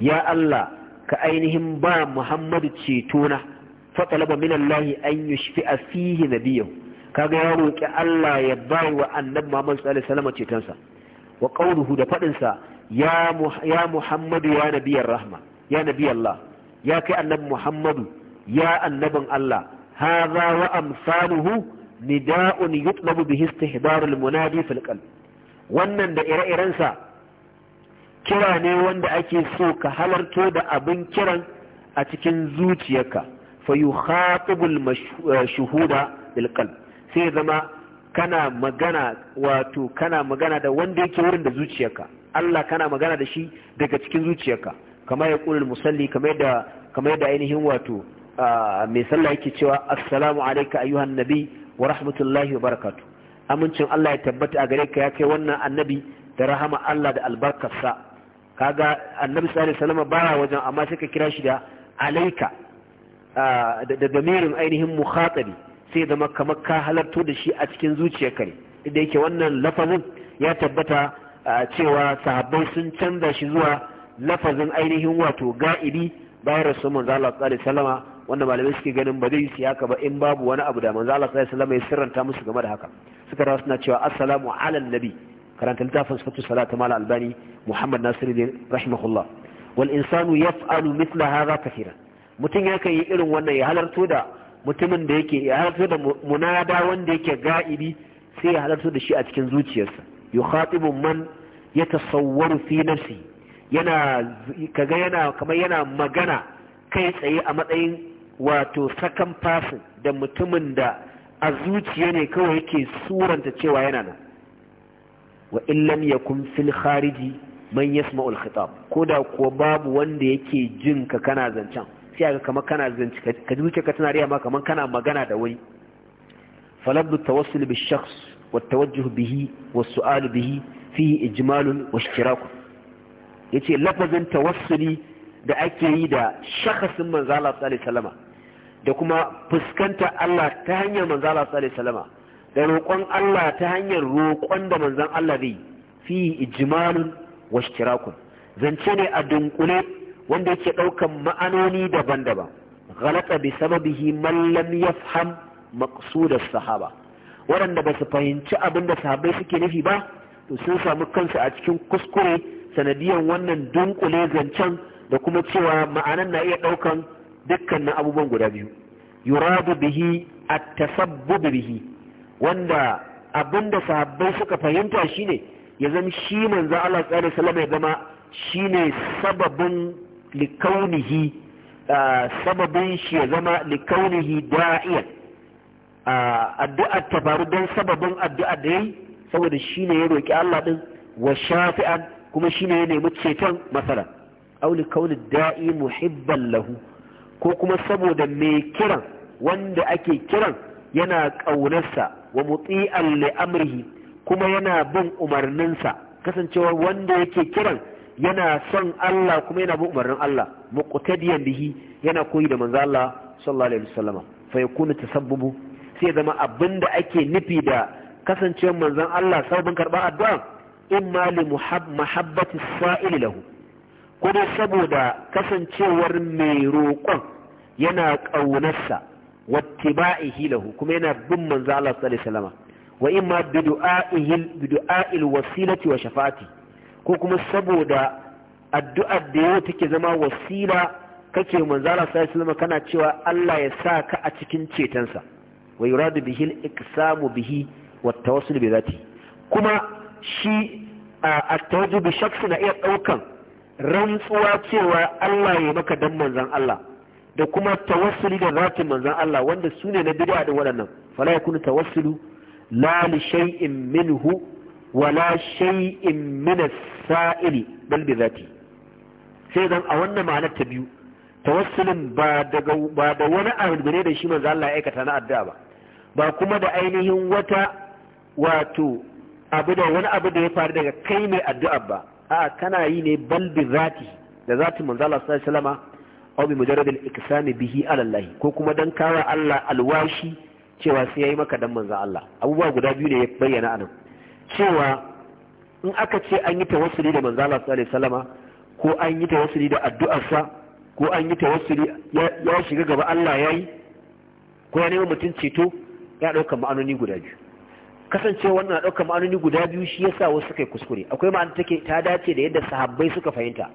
Speaker 1: ya Allah ka ainihin ba Muhammadu ceto na fa minallahi min Allah an yushfi'a fihi nabiyahu kaga ya roƙi Allah ya ba wa annabi Muhammad sallallahu alaihi wasallam cetonsa wa qawluhu da fadin sa ya ya Muhammadu ya nabiyar rahma ya nabiyallah ya kai annabi Muhammadu ya annabin Allah hadha wa amsaluhu nida'un yutlabu bihi istihdarul munadi fil qalb wannan da ire-irensa kira ne wanda ake so ka halarto da abin kiran a cikin zuciyarka fa yukhatibul shuhuda bil qalb sai zama kana magana wato kana magana da wanda yake wurin da zuciyarka Allah kana magana da shi daga cikin zuciyarka kamar ya kulul musalli kamar da kamar da ainihin wato mai sallah yake cewa assalamu alayka ayyuhan nabi wa rahmatullahi wa barakatuh amincin Allah ya tabbata a gare ka ya kai wannan annabi da rahama Allah da albarkarsa kaga annabi sallallahu alaihi wasallam baya wajen amma sai ka kira shi da alayka da damirin ainihin mukhatabi sai zama kamar ka halarto da shi a cikin zuciyarka ne da yake wannan lafazin ya tabbata cewa sahabbai sun canza shi zuwa lafazin ainihin wato ga'ibi. bayan rasu manzo Allah sallallahu alaihi wanda malamai suke ganin ba zai yi haka ba in babu wani abu da manzo Allah sallallahu alaihi ya sirranta musu game da haka suka rawa suna cewa assalamu ala nabi karanta littafin sifatu salatu mala albani muhammad nasiruddin rahimahullah wal insanu yaf'alu mithla hadha kathiran mutum ya kan yi irin wannan ya halarto da mutumin da yake ya halarto da munada wanda yake ga'ibi sai ya halarto da shi a cikin zuciyarsa yukhatibu man yatasawwaru fi nafsi yana kaga yana kamar yana magana kai tsaye a matsayin wato sakan fasin da mutumin da a zuciya ne kawai yake suranta cewa yana nan wa illam yakun fil khariji man yasma'ul khitab ko da kuwa babu wanda yake jin ka kana zancen sai ga kamar kana zanci ka ji zuciyarka tana riya ma kamar kana magana da wani falabdu tawassul bi shakhs wa tawajjuh bihi wa su'al bihi fihi ijmalun wa ishtirak yace lafazin tawassuli da ake yi da shakhasin manzo Allah sallallahu alaihi wasallama da kuma fuskanta Allah ta hanyar manzo Allah sallallahu alaihi wasallama da roƙon Allah ta hanyar roƙon da manzon Allah zai fi ijmalun wa ishtirakun zance ne a dunkule wanda yake ɗaukan ma'anoni daban-daban ghalata bi sababihi man lam yafham maqsudas sahaba waɗanda ba su fahimci abin da sahabbai suke nufi ba to sun samu kansu a cikin kuskure sanadiyan wannan dunkule zancen da kuma cewa ma'anan na iya ɗaukan dukkanin abubuwan guda biyu yuradu bihi at-tasabbub bihi wanda abin da sahabbai suka fahimta shine ya zama shi manzo Allah sallallahu alaihi wasallam ya zama shine sababin likaunihi sababin shi ya zama likaunihi da'iya addu'ar ta faru don sababin addu'ar da yayi saboda shi ne ya roƙi Allah ɗin wa shafi'an kuma shi ne ya nemi ceton masara au kauni da'i muhibban lahu ko kuma saboda mai kiran wanda ake kiran yana ƙaunarsa wa muti'an li kuma yana bin umarninsa kasancewar wanda yake kiran yana son Allah kuma yana bi umarnin Allah muqtadiyan bihi yana koyi da manzo Allah sallallahu alaihi wasallam fa yakunu tasabbubu sai zama abinda ake nufi da kasancewar manzon Allah sabbin karba addu'a imma li mahabbati sa'il lahu ko dai saboda kasancewar mai roƙon yana ƙaunarsa wattiba'ihi lahu kuma yana bin manzo Allah sallallahu alaihi wasallam wa imma bi wasilati wa shafa'ati ko kuma saboda addu'ar da yau take zama wasila kake manzara sallallahu kana cewa Allah ya sa ka a cikin cetonsa wa yuradu bihi iqsamu bihi wa tawassul bi zati kuma shi at-tawajjuh bi shakhsi na iya ɗaukan rantsuwa cewa Allah ya maka dan manzan Allah da kuma tawassuli da zatin manzan Allah wanda sune na bid'a da waɗannan fala yakunu tawassulu la li shay'in minhu wala shay'in min as-sa'ili bal zati sai dan a wannan ma'anar ta biyu tawassulin ba daga ba da wani abu ne da shi manzo ya aikata na addu'a ba ba kuma da ainihin wata wato wani abu da ya faru daga kai mai addu'a ba a'a kana yi ne bal zati da zati manzo Allah sallallahu alaihi wasallama aw bi mujarrad bihi ala Allah ko kuma dan kawa Allah alwashi cewa sai ya yi maka dan manzo Allah abubuwa guda biyu ne ya bayyana anan cewa in aka ce an yi tawassuli da manzo Allah sallallahu alaihi ko an yi tawassuli da addu'arsa ko an yi tawassuli ya shiga gaba Allah yayi ko ya nemi mutum ceto ya dauka ma'anoni guda biyu kasance wannan dauka ma'anoni guda biyu shi yasa wasu kai kuskure akwai ma'ana take ta dace da yadda sahabbai suka fahimta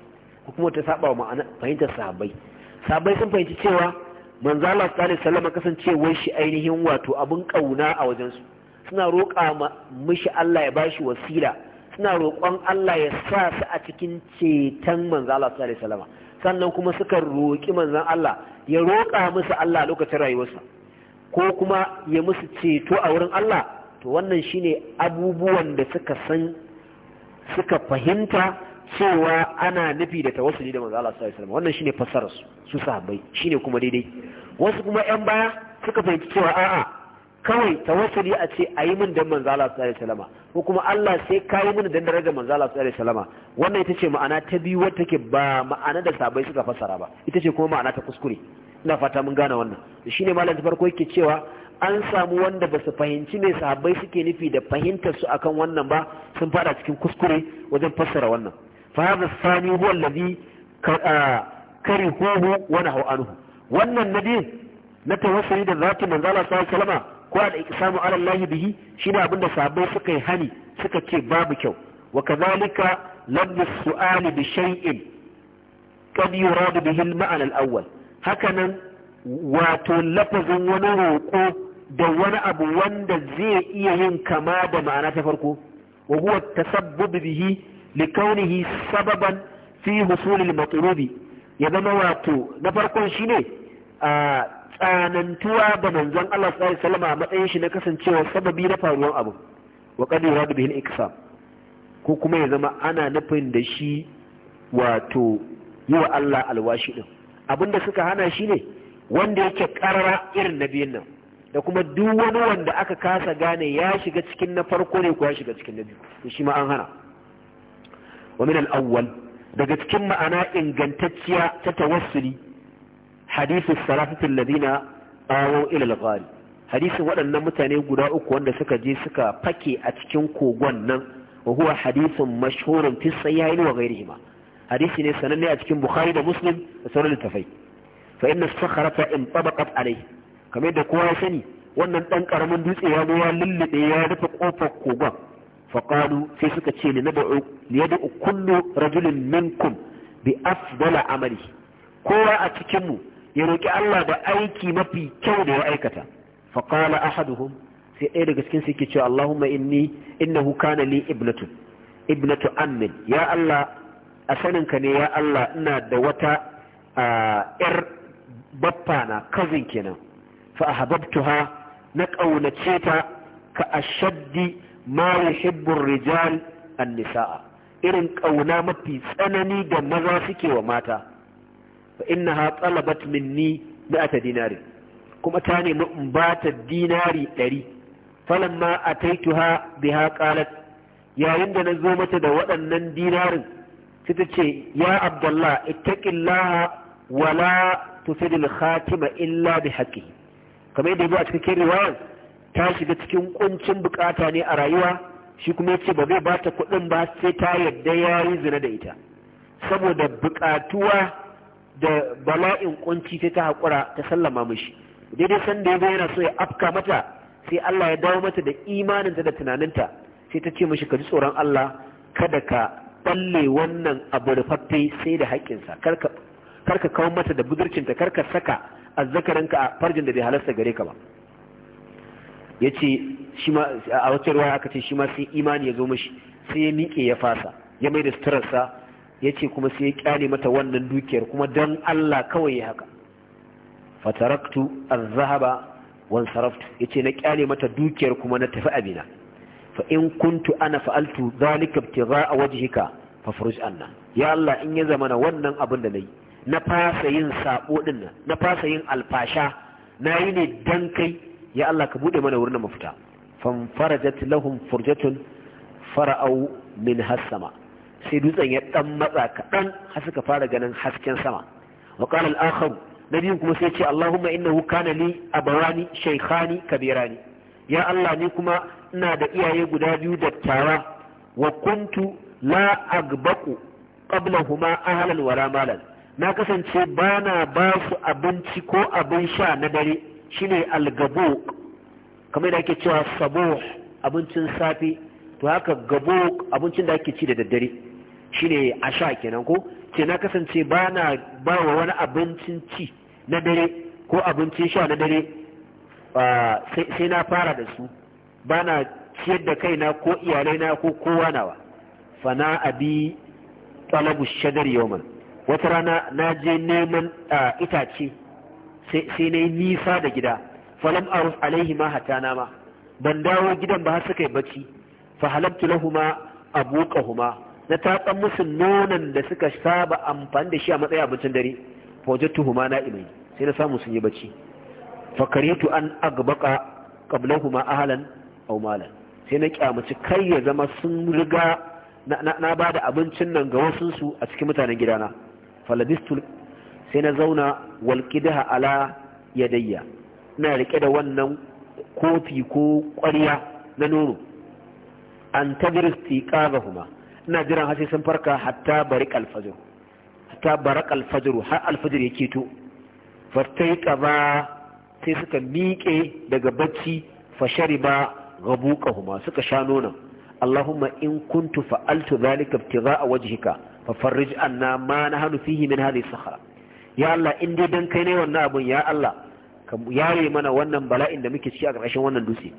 Speaker 1: ko kuma ta saba wa ma'ana fahimtar sahabbai sahabbai sun fahimci cewa manzo Allah sallallahu alaihi kasancewar shi ainihin wato abun kauna a wajensu su suna roƙa mishi Allah ya bashi wasila suna roƙon Allah ya sa su a cikin ceton manzo Allah sallallahu alaihi wasallam sannan kuma suka roƙi manzan Allah ya roƙa musu Allah lokacin rayuwarsa ko kuma ya musu ceto a wurin Allah to wannan shine abubuwan da suka san suka fahimta cewa ana nufi da tawassuli da manzo Allah sallallahu alaihi wannan shine fassarar su su sahabbai shine kuma daidai wasu kuma yan baya suka fahimci cewa a'a kawai tawassuli a ce a yi min don manzo Allah sallallahu alaihi ko kuma Allah sai ka yi min dan darajar manzo Allah sallallahu alaihi wasallam wannan ita ce ma'ana ta biyu wacce take ba ma'ana da sabai suka fassara ba ita ce kuma ma'ana ta kuskure ina fata mun gane wannan shine malam ta farko yake cewa an samu wanda ba su fahimci me sahabbai suke nufi da fahimtar su akan wannan ba sun fada cikin kuskure wajen fassara wannan fa hadha sani huwa alladhi karihuhu wa nahu anhu wannan nabi na tawassuli da zati manzo Allah sallallahu alaihi wasallam ko al iqsamu ala lahi bihi shine abinda sabai suka yi hani suka ce babu kyau wa kadhalika lam su'al bi shay'in kad yurad bihi al ma'ana al awwal hakanan wato lafazin wani roƙo da wani abu wanda zai iya yin kama da ma'ana ta farko wa huwa tasabbub bihi likaunihi sababan fi husul al ya zama wato na farkon shine a tsanantuwa da manzon Allah sallallahu alaihi a matsayin shi na kasancewa sababi na faruwan abu wa qad yuradu bihi al-iksam ko kuma ya zama ana nufin da shi wato yi wa Allah alwashi din abinda suka hana shi ne
Speaker 2: wanda yake karara irin
Speaker 1: na biyun nan da kuma duk wani wanda aka kasa gane ya shiga cikin na farko ne ko ya shiga cikin na biyu shi ma an hana wa min al-awwal daga cikin ma'ana ingantacciya ta tawassuli hadisu salatatul ladina awo ila ghari hadisin waɗannan mutane guda uku wanda suka je suka fake a cikin kogon nan wa huwa hadisun mashhurun fi sahihain wa ghairihima hadisi ne sananne a cikin bukhari da muslim da sauran littafai fa inna sakharata in tabaqat alai kamar da kowa ya sani wannan dan karamin dutse ya zo ya lullube ya rufe kofar kogon fa sai suka ce na nad'u li kullu rajulin minkum bi afdala amali kowa a cikin mu ya roƙi Allah da aiki mafi kyau da ya aikata ahadu ahaduhum sai ɗaya daga cikin su yake cewa Allahumma inni innahu kana li ibnatu ibnatu ammin ya Allah a saninka ne ya Allah ina da wata ƴar baffa na cousin kenan fa ahabbtuha na ƙaunace ta ka ashaddi ma yuhibbu rijal an-nisaa irin ƙauna mafi tsanani da maza suke wa mata fa innaha talabat minni mi'ata dinari kuma ta nemi in ba ta dinari ɗari falamma ataituha biha qalat yayin da na zo mata da waɗannan dinarin sai ce ya abdullah ittaqillaha wala tusidil khatima illa bi haqqihi kamar yadda a cikin riwayar ta shiga cikin ƙuncin bukata ne a rayuwa shi kuma yace ba zai bata kuɗin ba sai ta yadda ya yi zina da ita saboda bukatuwa da bala'in kunci sai ta haƙura ta sallama mishi daidai san da yazo yana so ya afka mata sai Allah ya dawo mata da imaninta da tunaninta sai ta ce mishi ka ji tsoron Allah kada ka balle wannan abu rufaffe sai da haƙƙinsa karka karka kawo mata da budurcinta karka saka azzakarinka a farjin da bai halasta gare ka ba yace shi ma a wata ruwa aka ce shi ma sai imani ya zo mishi sai ya miƙe ya fasa ya mai da suturarsa yace kuma sai ya kyale mata wannan dukiyar kuma dan Allah kawai ya haka fataraktu az-zahaba wan saraftu yace na kyale mata dukiyar kuma na tafi abina fa in kuntu ana fa'altu dhalika ibtigha'a wajhika fafuruj anna ya Allah in ya na wannan abin da nayi na fasa yin sabo din nan na fasa yin alfasha nayi ne dan kai ya Allah ka bude mana wurin mafita fan farajat lahum furjatun fara'au min hasama sai dutsen ya dan matsa kaɗan har suka fara ganin hasken sama wa qala al-akhar nabiyin kuma sai ce Allahumma innahu kana li abawani shaykhani kabirani ya Allah ni kuma ina da iyaye guda biyu tara wa kuntu la agbaqu qablahuma ahlan wa malan na kasance bana ba su abinci ko abin sha na dare shine algabo kamar da ake cewa sabo abincin safe to haka gabo abincin da ake ci da daddare ne a sha kenan ko ce na kasance ba na ba wa wani abincin ci na dare ko abincin sha na dare sai na fara da su ba na ciyar da kaina ko iyalaina ko kowa nawa fana abi talabu shagar yawman wata rana na je neman itace sai na yi nisa da gida falam aruf alaihi ma hatana ma ban dawo gidan ba har suka yi bacci fa halabtu lahuma abuqahuma na tatsan musu nonon da suka saba amfani da shi a matsayin abincin dare tuhuma huma na'imai sai na samu sun yi bacci fakaretu an agbaka qablahuma ahlan aw malan sai na kyamaci kai ya zama sun riga na ba da abincin nan ga wasu su a cikin mutanen gidana faladistul sai na zauna walqidaha ala yadayya ina rike da wannan kofi ko ƙwarya na nono an tadir huma. ina jiran hasi sun farka hatta bari alfajir hatta bari alfajir har alfajir yake to fattai kaba sai suka miƙe daga bacci fashari ba gabuƙahuma suka sha nonon allahumma in kuntu fa'altu zalika a wajhika fa farrij anna ma nahnu fihi min hadhihi sahara ya allah in dai dan kai ne wannan abun ya allah ka yare mana wannan bala'in da muke ciki a ƙarshen wannan dutse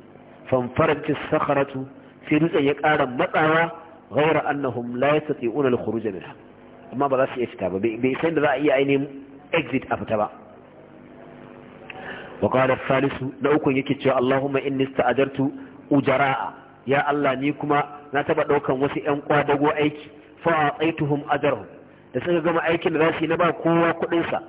Speaker 1: fanfarat sakharatu sai dutsen ya ƙara matsawa ghayra annahum la yastati'una al-khuruj minha amma ba za fita ba bai san da za a iya ainihin exit a fita ba wa salisu na uku yake cewa Allahumma inni ista'ajartu ujara'a ya Allah ni kuma na taba daukan wasu ƴan kwadago aiki fa a'taituhum ajrahum da suka gama aikin da za su yi na ba kowa kuɗin sa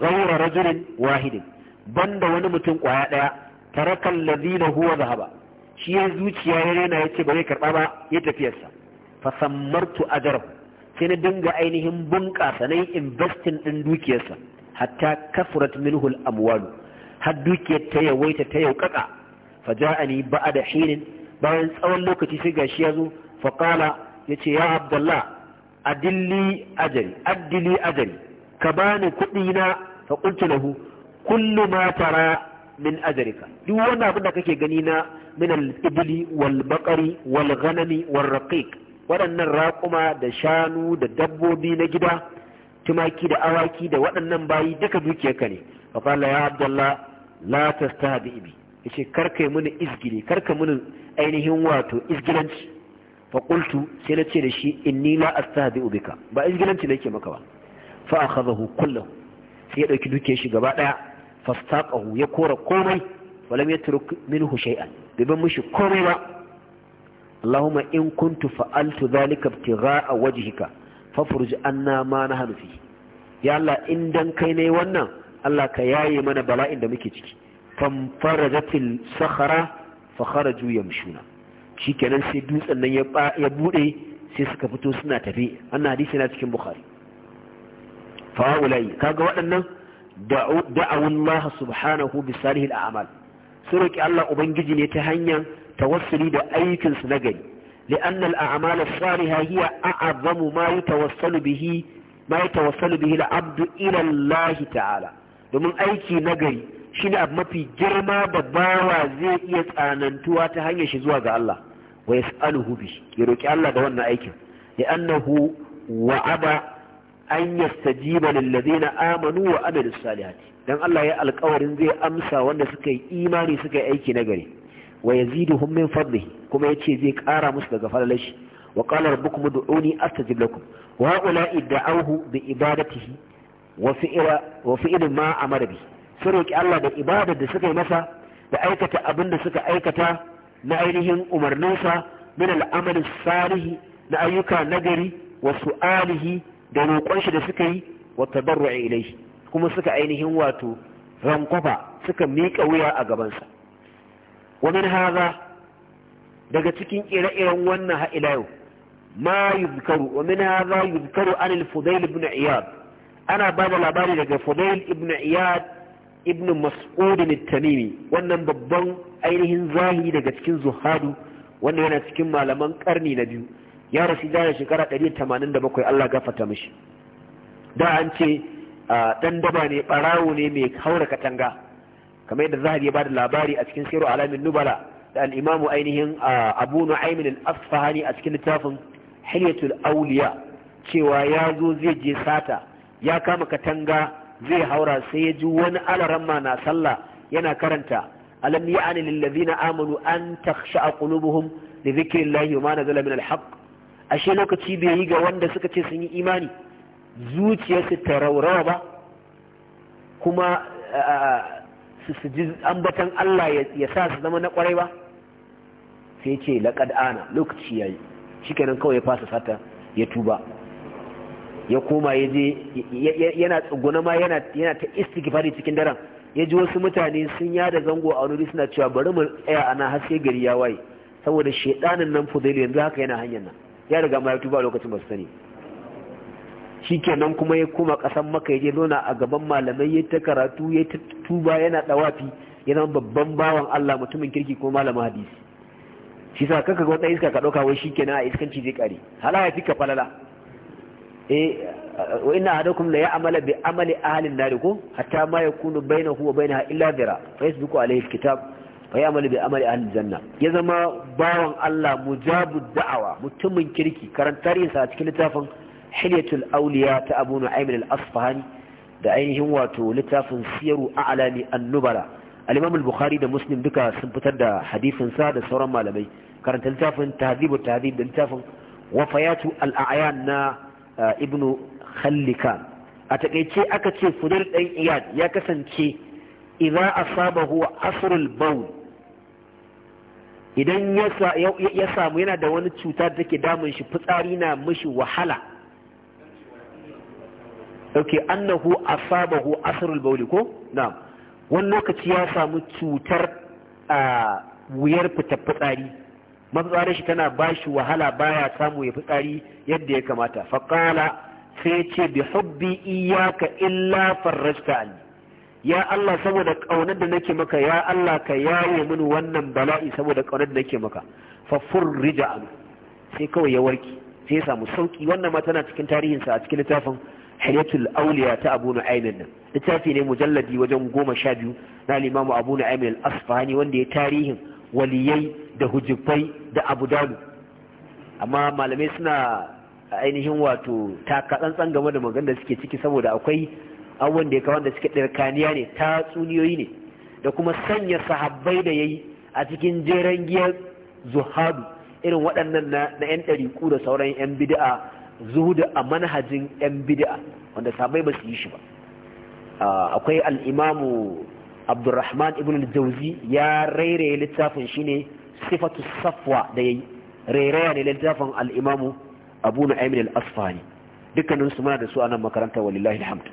Speaker 2: ghayra rajulin
Speaker 1: wahidin banda wani mutum kwaya daya tarakal ladina huwa zahaba shi ya zuciya ya rena yace ba zai karba ba ya tafiyarsa fasammartu ajarar sai na dinga ainihin bunƙasa na yi investin ɗin dukiyarsa hatta kafurat minhul amwalu har dukiyar ta yawaita ta yaukaka fa ja'ani ba'da hinin bayan tsawon lokaci sai gashi ya zo fa qala yace ya abdullah adilli ajri addili ka bani kuɗi na fa qultu lahu kullu ma tara min ajrika duk wanda abin da kake gani na min al-ibli wal baqari wal ghanami wal raqiq waɗannan raƙuma da shanu da dabbobi na gida tumaki da awaki da waɗannan bayi duka dukiyarka ne fa qala ya abdullah la tastahbi bi yace karka yi mini izgili karka mini ainihin wato izgilanci fa qultu sai na ce da shi inni la astahbi bika ba izgilanci nake maka ba fa akhadahu kullahu sai ya dauki dukiyar shi gaba daya fastaqahu ya kora komai walam yatruk minhu shay'an bai ban mishi komai ba Allahuma اللهم إن كنت فعلت ذلك ابتغاء وجهك فافرج عنا ما نحن فيه يا in dan kai كاي wannan Allah ka yaye mana bala'in da muke ciki famfarajatil sakhara fa kharaju yamshuna shikenan sai dutsen nan ya buɗe sai suka fito suna tafi wannan hadisi yana cikin bukhari fa ulai kaga waɗannan da'u da'u Allah subhanahu bi salihil a'mal su roki Allah ubangiji ne ta hanyar tawassuli da ayyukansu na gari li'anna al'amala salihah hiya a'azzamu ma yatawassalu ta'ala domin aiki na shine abu girma da zai iya tsanantuwa ta hanyar shi zuwa ga Allah wa yas'aluhu bi ya roki Allah da wannan aikin amanu wa amilus salihati Allah ya zai amsa wanda imani suka yi aiki na gari wa yaziduhum min fadlihi kuma yace zai ƙara musu daga falalar shi wa qala rabbukum ud'uni astajib lakum wa ha'ula'i da'awhu bi ibadatihi wa fi'la wa fi'l ma amara bi sun roki Allah da ibadar da suka yi masa da aikata abin da suka aikata na ainihin umarninsa min al'amal salihi na ayyuka nagari wasu alihi, da roƙon da sukayi yi wa tadarru'i ilayhi kuma suka ainihin wato rankwafa suka miƙa wuya a gabansa wa min haza daga cikin ire-iren wannan ha'ila yau ma yuzkaru wa min haza yuzkaru an al-fudail ibn iyad ana ba da labari daga fudail ibn iyad ibn mas'ud al-tamimi wannan babban ainihin zahiri daga cikin zuhadu wanda yana cikin malaman karni na biyu ya rasu da shekara 187 Allah gafarta mishi da an ce dan daba ne barawo ne mai haura katanga kamar yadda zahabi ya bada labari a cikin siru alamin nubala da al ainihin abu nu'aymin al-asfahani a cikin littafin hilyatul Auliya. cewa ya zo zai je sata ya kama katanga zai haura sai ya wani alaramma na sallah yana karanta alam ya'ani lil ladina amanu an takhsha a li dhikrillahi wa ma nazala min al-haqq ashe lokaci bai yi ga wanda suka ce sun yi imani zuciyarsu ta raurawa ba kuma su su ji ambatan Allah ya sa su zama na kwarai ba sai ce laƙad ana lokaci ya shi shikenan kawai ya fasa sata ya tuba ya koma ya je yana tsuguna ma yana ta istighfari cikin daren ya ji wasu mutane sun yada zango a wani suna cewa bari mu tsaya ana haske gari ya waye saboda shedanin nan fudeli yanzu haka yana hanyar nan ya riga ma ya tuba lokacin ba su sani shikenan kuma ya koma kasan maka ya je nuna a gaban malamai ya ta karatu ya ta tuba yana dawafi yana babban bawan Allah mutumin kirki ko malamin hadisi shi sa kaka ga wata iska ka dauka wai shikenan a iskanci zai kare hala ya fika falala eh wa inna hadakum la ya'mala bi amali ahli an-nar ko hatta ma yakunu bainahu wa bainaha illa dhira fa yasbiqu alayhi al-kitab fa ya'malu bi amali ahli janna ya zama bawan Allah mujabud da'awa mutumin kirki karantar yin sa a cikin littafin hilyatul auliya ta abu nu'aymin al-asfahani da ainihin wato littafin siyaru a'lami an-nubala al-imam al-bukhari da muslim duka sun fitar da hadisin sa da sauran malamai karanta littafin tahdibu tahdib da littafin wafayatu al-a'yan na ibnu khallika a takaice aka ce fudail dan iyad ya kasance idza asabahu asrul bawl idan ya samu yana da wani cuta da take damun shi fitsari na mishi wahala dauke annahu asabahu asrul bauli ko na'am wani lokaci ya samu cutar wuyar fitar fitsari mafitsarar shi tana bashi wahala baya samu ya fitsari yadda ya kamata faƙala sai ce bi hubbi iyaka illa farajta anni ya Allah saboda ƙaunar da nake maka ya Allah ka yaye mini wannan bala'i saboda ƙaunar da nake maka fa furrija sai kawai ya warke sai ya samu sauki wannan ma tana cikin tarihin sa a cikin littafin hilyatul auliya ta abu nu'aymin nan littafi ne mujalladi wajen goma sha biyu na limamu abu nu'aymin al-asfahani wanda ya tarihin waliyai da hujjifai da abu dalu amma malamai suna ainihin wato takatsantsan game da maganda suke ciki saboda akwai abubuwan da ya kawo da suke ɗarkaniya ne ta tsuniyoyi ne da kuma sanya sahabbai da ya yi a cikin jeren giyar zuhadu irin waɗannan na 'yan ɗariƙu da sauran 'yan bida'a zuhudu a manhajin yan bid'a wanda sabai ba su yi shi ba akwai al'imamu abdurrahman ibn jauzi ya rairaye littafin shine sifatu safwa da yayi rairaya ne littafin al'imamu abu na'im al-asfani dukkanin su muna da su a nan makaranta walillahi alhamd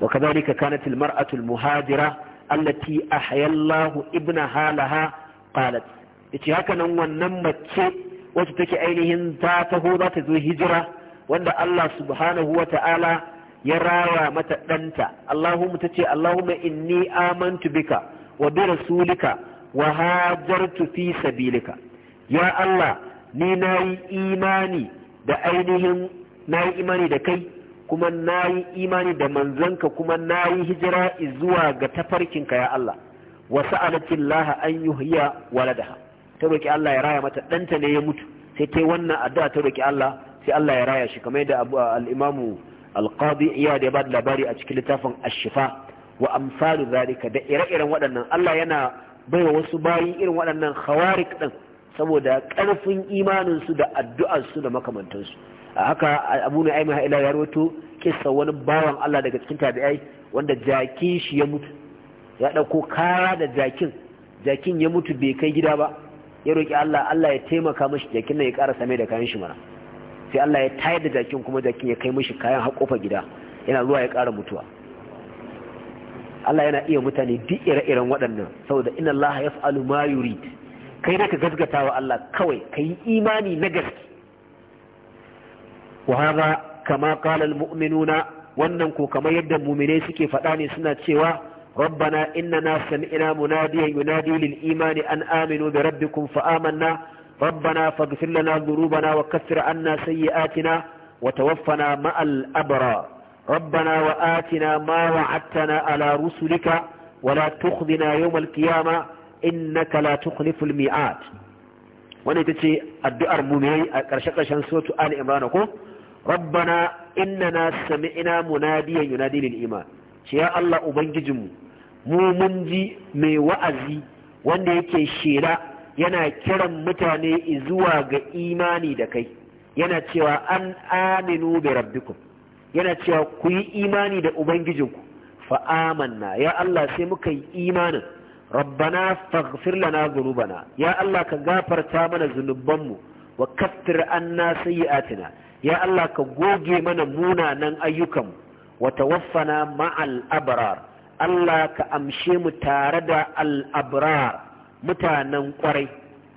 Speaker 1: wa kadhalika kanat al-mar'atu al-muhajira allati ahya Allah ibnaha laha qalat hakanan haka nan wannan mace Wasu take ainihin ta taho za ta zo hijira wanda Allah subhanahu wa ta'ala ya rawa mata ɗanta Allahumma ta ce Allahumma inni amantu bika wa bi rasulika wa hajartu fi sabilika ya Allah ni nayi imani da ainihin na yi imani da kai kuma nayi imani da manzanka kuma nayi hijira zuwa ga tafarkinka ya Allah wasu alatin an yuhya waladaha ta roki Allah ya raya mata ɗanta ne ya mutu sai ta wannan addu'a ta roki Allah sai Allah ya raya shi kamar yadda al-imamu al-qadi ya ya bada labari a cikin littafin ash-shifa wa amsalu zalika da ire-iren waɗannan Allah yana baiwa wasu bayi irin waɗannan khawarik din saboda ƙarfin imaninsu da addu'arsu da makamantansu haka abu ne aimin ha'ila ya rawato kisa wani bawan Allah daga cikin tabi'ai wanda jaki shi ya mutu ya ɗauko kara da jakin jakin ya mutu bai kai gida ba ya roƙi Allah Allah ya taimaka mashi jakin nan ya ƙara mai da kayan shi mana sai Allah ya tayar da jakin kuma jakin ya kai mishi kayan har kofar gida yana zuwa ya ƙara mutuwa Allah yana iya mutane duk ire-iren waɗannan saboda inna Allah yaf'alu ma yurid kai naka gazgata wa Allah kawai kai imani na gaske wa hada kama qala al-mu'minuna wannan ko kamar yadda mu'minai suke faɗa ne suna cewa ربنا إننا سمعنا مناديا ينادي للإيمان أن آمنوا بربكم فآمنا ربنا فاغفر لنا ذنوبنا وكفر عنا سيئاتنا وتوفنا مع الأبرار ربنا وآتنا ما وعدتنا على رسلك ولا تخذنا يوم القيامة إنك لا تخلف الميعاد wani ita ce addu'ar muminai a ƙarshe-ƙarshen sotu ali imran ko rabbana inna na sami ina munadiyan yunadi lil iman ce ya Allah ubangijinmu mu mun ji mai wa'azi wanda yake shera yana kiran mutane zuwa ga imani da kai yana cewa an aminu bi rabbikum yana cewa ku yi imani da ubangijinku fa'amanna. ya Allah sai muka yi imanin rabbana faghfir lana zunubana ya Allah ka gafarta mana zunubanmu wa kaffir anna sayyi'atina ya Allah ka goge mana munanan ayyukanmu wa tawaffana ma'al abrar Allah ka amshe mu tare da al'abrar mutanen kwarai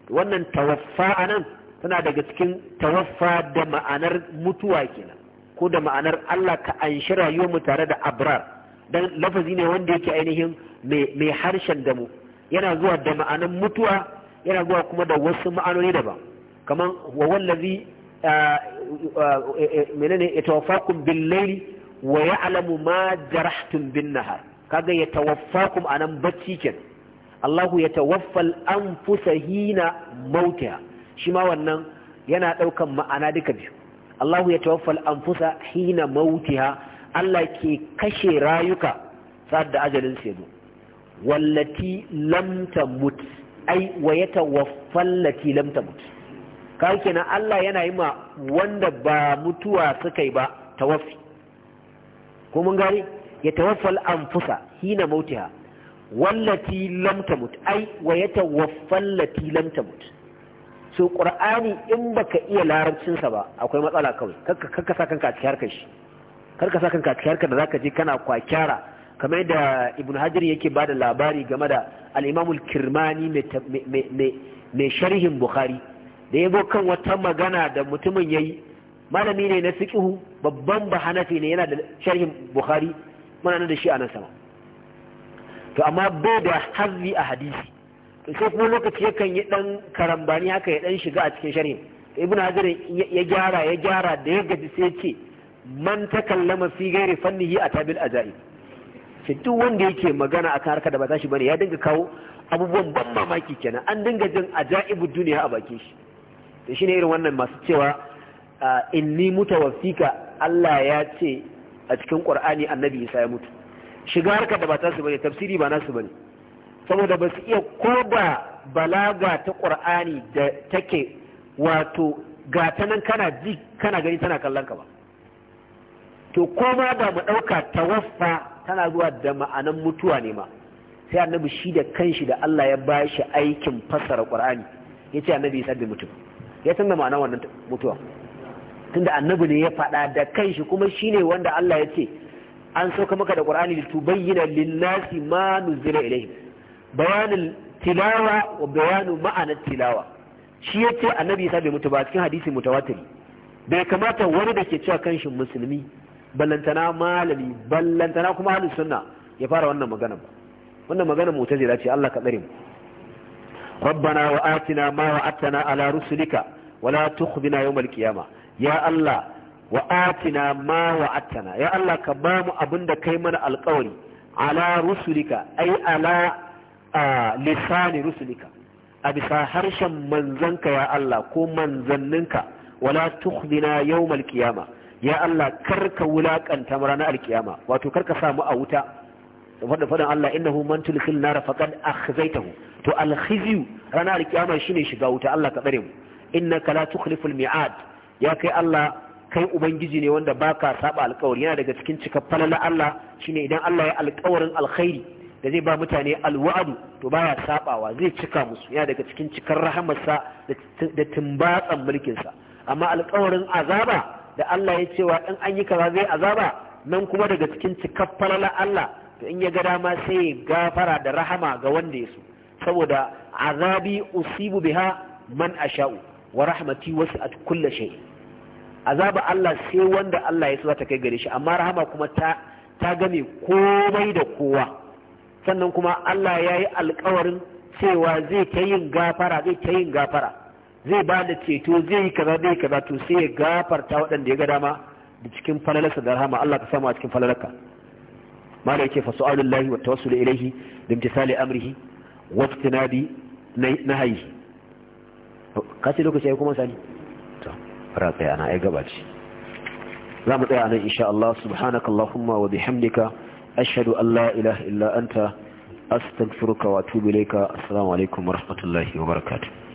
Speaker 1: wannan tawaffa a nan tana daga cikin tawaffa da ma'anar mutuwa kenan ko da ma'anar Allah ka anshi rayuwar mu tare da abrar dan lafazi ne wanda yake ainihin mai harshen damu yana zuwa da ma'anar mutuwa yana zuwa kuma da wasu ma'anoni daban kaman wa wallazi menene yatawaffakum bil wa alamu ma jarahtun bin nahar kaga ya tawaffakum nan bacci ken Allahu ya tawaffal anfusa hina mautiha shi ma wannan yana ɗaukan ma'ana duka biyu Allahu ya tawaffal anfusa hina mautiha Allah ke kashe rayuka sa'ad da ajalin su yazo wallati lam tamut ai wa ya yatawaffal lati lam tamut kai na Allah yana yi ma wanda ba mutuwa suka yi ba tawaffi ko mun gari yatawaffal anfusa hina mautiha wallati lam tamut ai wa yatawaffal lati lam tamut so qur'ani in baka iya larabcin sa ba akwai matsala kawai karka sa kanka a cikin harkar shi karka sa kanka a cikin harkar da zaka je kana kwakyara kamar da ibn hajar yake bada labari game da al-imam al-kirmani mai sharhin bukhari da yabo kan wata magana da mutumin yayi malami ne na fiqhu babban bahanafi ne yana da sharhin bukhari muna nan da shi a nan sama to amma bai da hazzi a hadisi to sai kuma lokaci yakan yi dan karambani haka ya dan shiga a cikin sharhi to ibnu hajar ya gyara ya gyara da ya gaji sai ya ce man takallama fi ghairi fannihi a atabil ajaib sai duk wanda yake magana akan harka da ba tashi bane ya dinga kawo abubuwan ban mamaki kenan an dinga jin ajaibu duniya a bakin shi to shine irin wannan masu cewa ah, inni mutawaffika Allah ya ce a cikin qur'ani annabi isa ya mutu shiga harkar da ba ta su bane tafsiri ba nasu bane saboda ba su iya ko ba balaga ta qur'ani da take wato ga ta nan kana ji kana gani tana kallon ka ba to ko ma ba mu ɗauka tawaffa tana zuwa da ma'anan mutuwa ne ma sai annabi shi da kanshi da Allah ya ba shi aikin fassara Qur'ani ce annabi ya sabbi mutum ya tunda ma'anar wannan mutuwa tunda annabi ne ya faɗa da kanshi kuma shine wanda Allah ya ce an sauka maka da Qur'ani litubayyana lin-nasi ma nuzila ilayhim bayanul tilawa wa bayanu ma'ana tilawa shi yace annabi ya bai mutu ba cikin hadisi mutawatiri bai kamata wani da ke cewa kanshi musulmi ballantana malami ballantana kuma ahlus sunna ya fara wannan magana ba wannan magana mu'tazila ce Allah ka tsare mu ربنا وآتنا ما وعدتنا على رسلك ولا تخزنا يوم القيامه ya Allah wa atina ma wa'atana ya Allah ka ba mu da kai mana alƙawari ala rusulika ai ala lisani rusulika a bisa harshen manzanka ya Allah ko manzanninka wala tukhdina yawmal qiyama ya Allah karka wulakanta ranar alkiyama wato karka samu a wuta wadda fadan Allah innahu man tulkhil nar faqad akhzaytahu to alkhizyu ranar alkiyama shine shiga wuta Allah ka tsare mu innaka la tukhliful mi'ad ya kai Allah kai ubangiji ne wanda baka saba alkawari yana daga cikin cikakken falala Allah shine idan Allah ya alkawarin alkhairi da zai ba mutane alwa'adu to baya sabawa zai cika musu yana daga cikin cikar rahamarsa da tumbatsan sa amma alkawarin azaba da Allah ya cewa in an yi kaza zai azaba nan kuma daga cikin cikar falala Allah to in ya ga dama sai ya gafara da rahama ga wanda ya so saboda azabi usibu biha man asha'u wa rahmati wasi'at kulli shay'in azaba Allah sai wanda Allah ya so ta kai gare shi amma rahama kuma ta ta gane komai da kowa sannan kuma Allah ya yi alkawarin cewa zai ta yin gafara zai ta yin gafara zai ba da ceto zai yi kaza zai kaza to sai ya gafarta waɗanda ya ga dama da cikin falalarsa da rahama Allah ka samu a cikin falalarka mala yake fa su'alullahi wa tawassul ilayhi bi imtisali amrihi wa haihi. Ka kace lokaci ya kuma sani fara ana na ai ce za mu tsaya nan insha Allah subhanaka Allahumma wa bihamdika ashhadu an la ilaha illa anta astaghfiruka wa atubu ilayka assalamu alaikum wa rahmatullahi wa barakatuh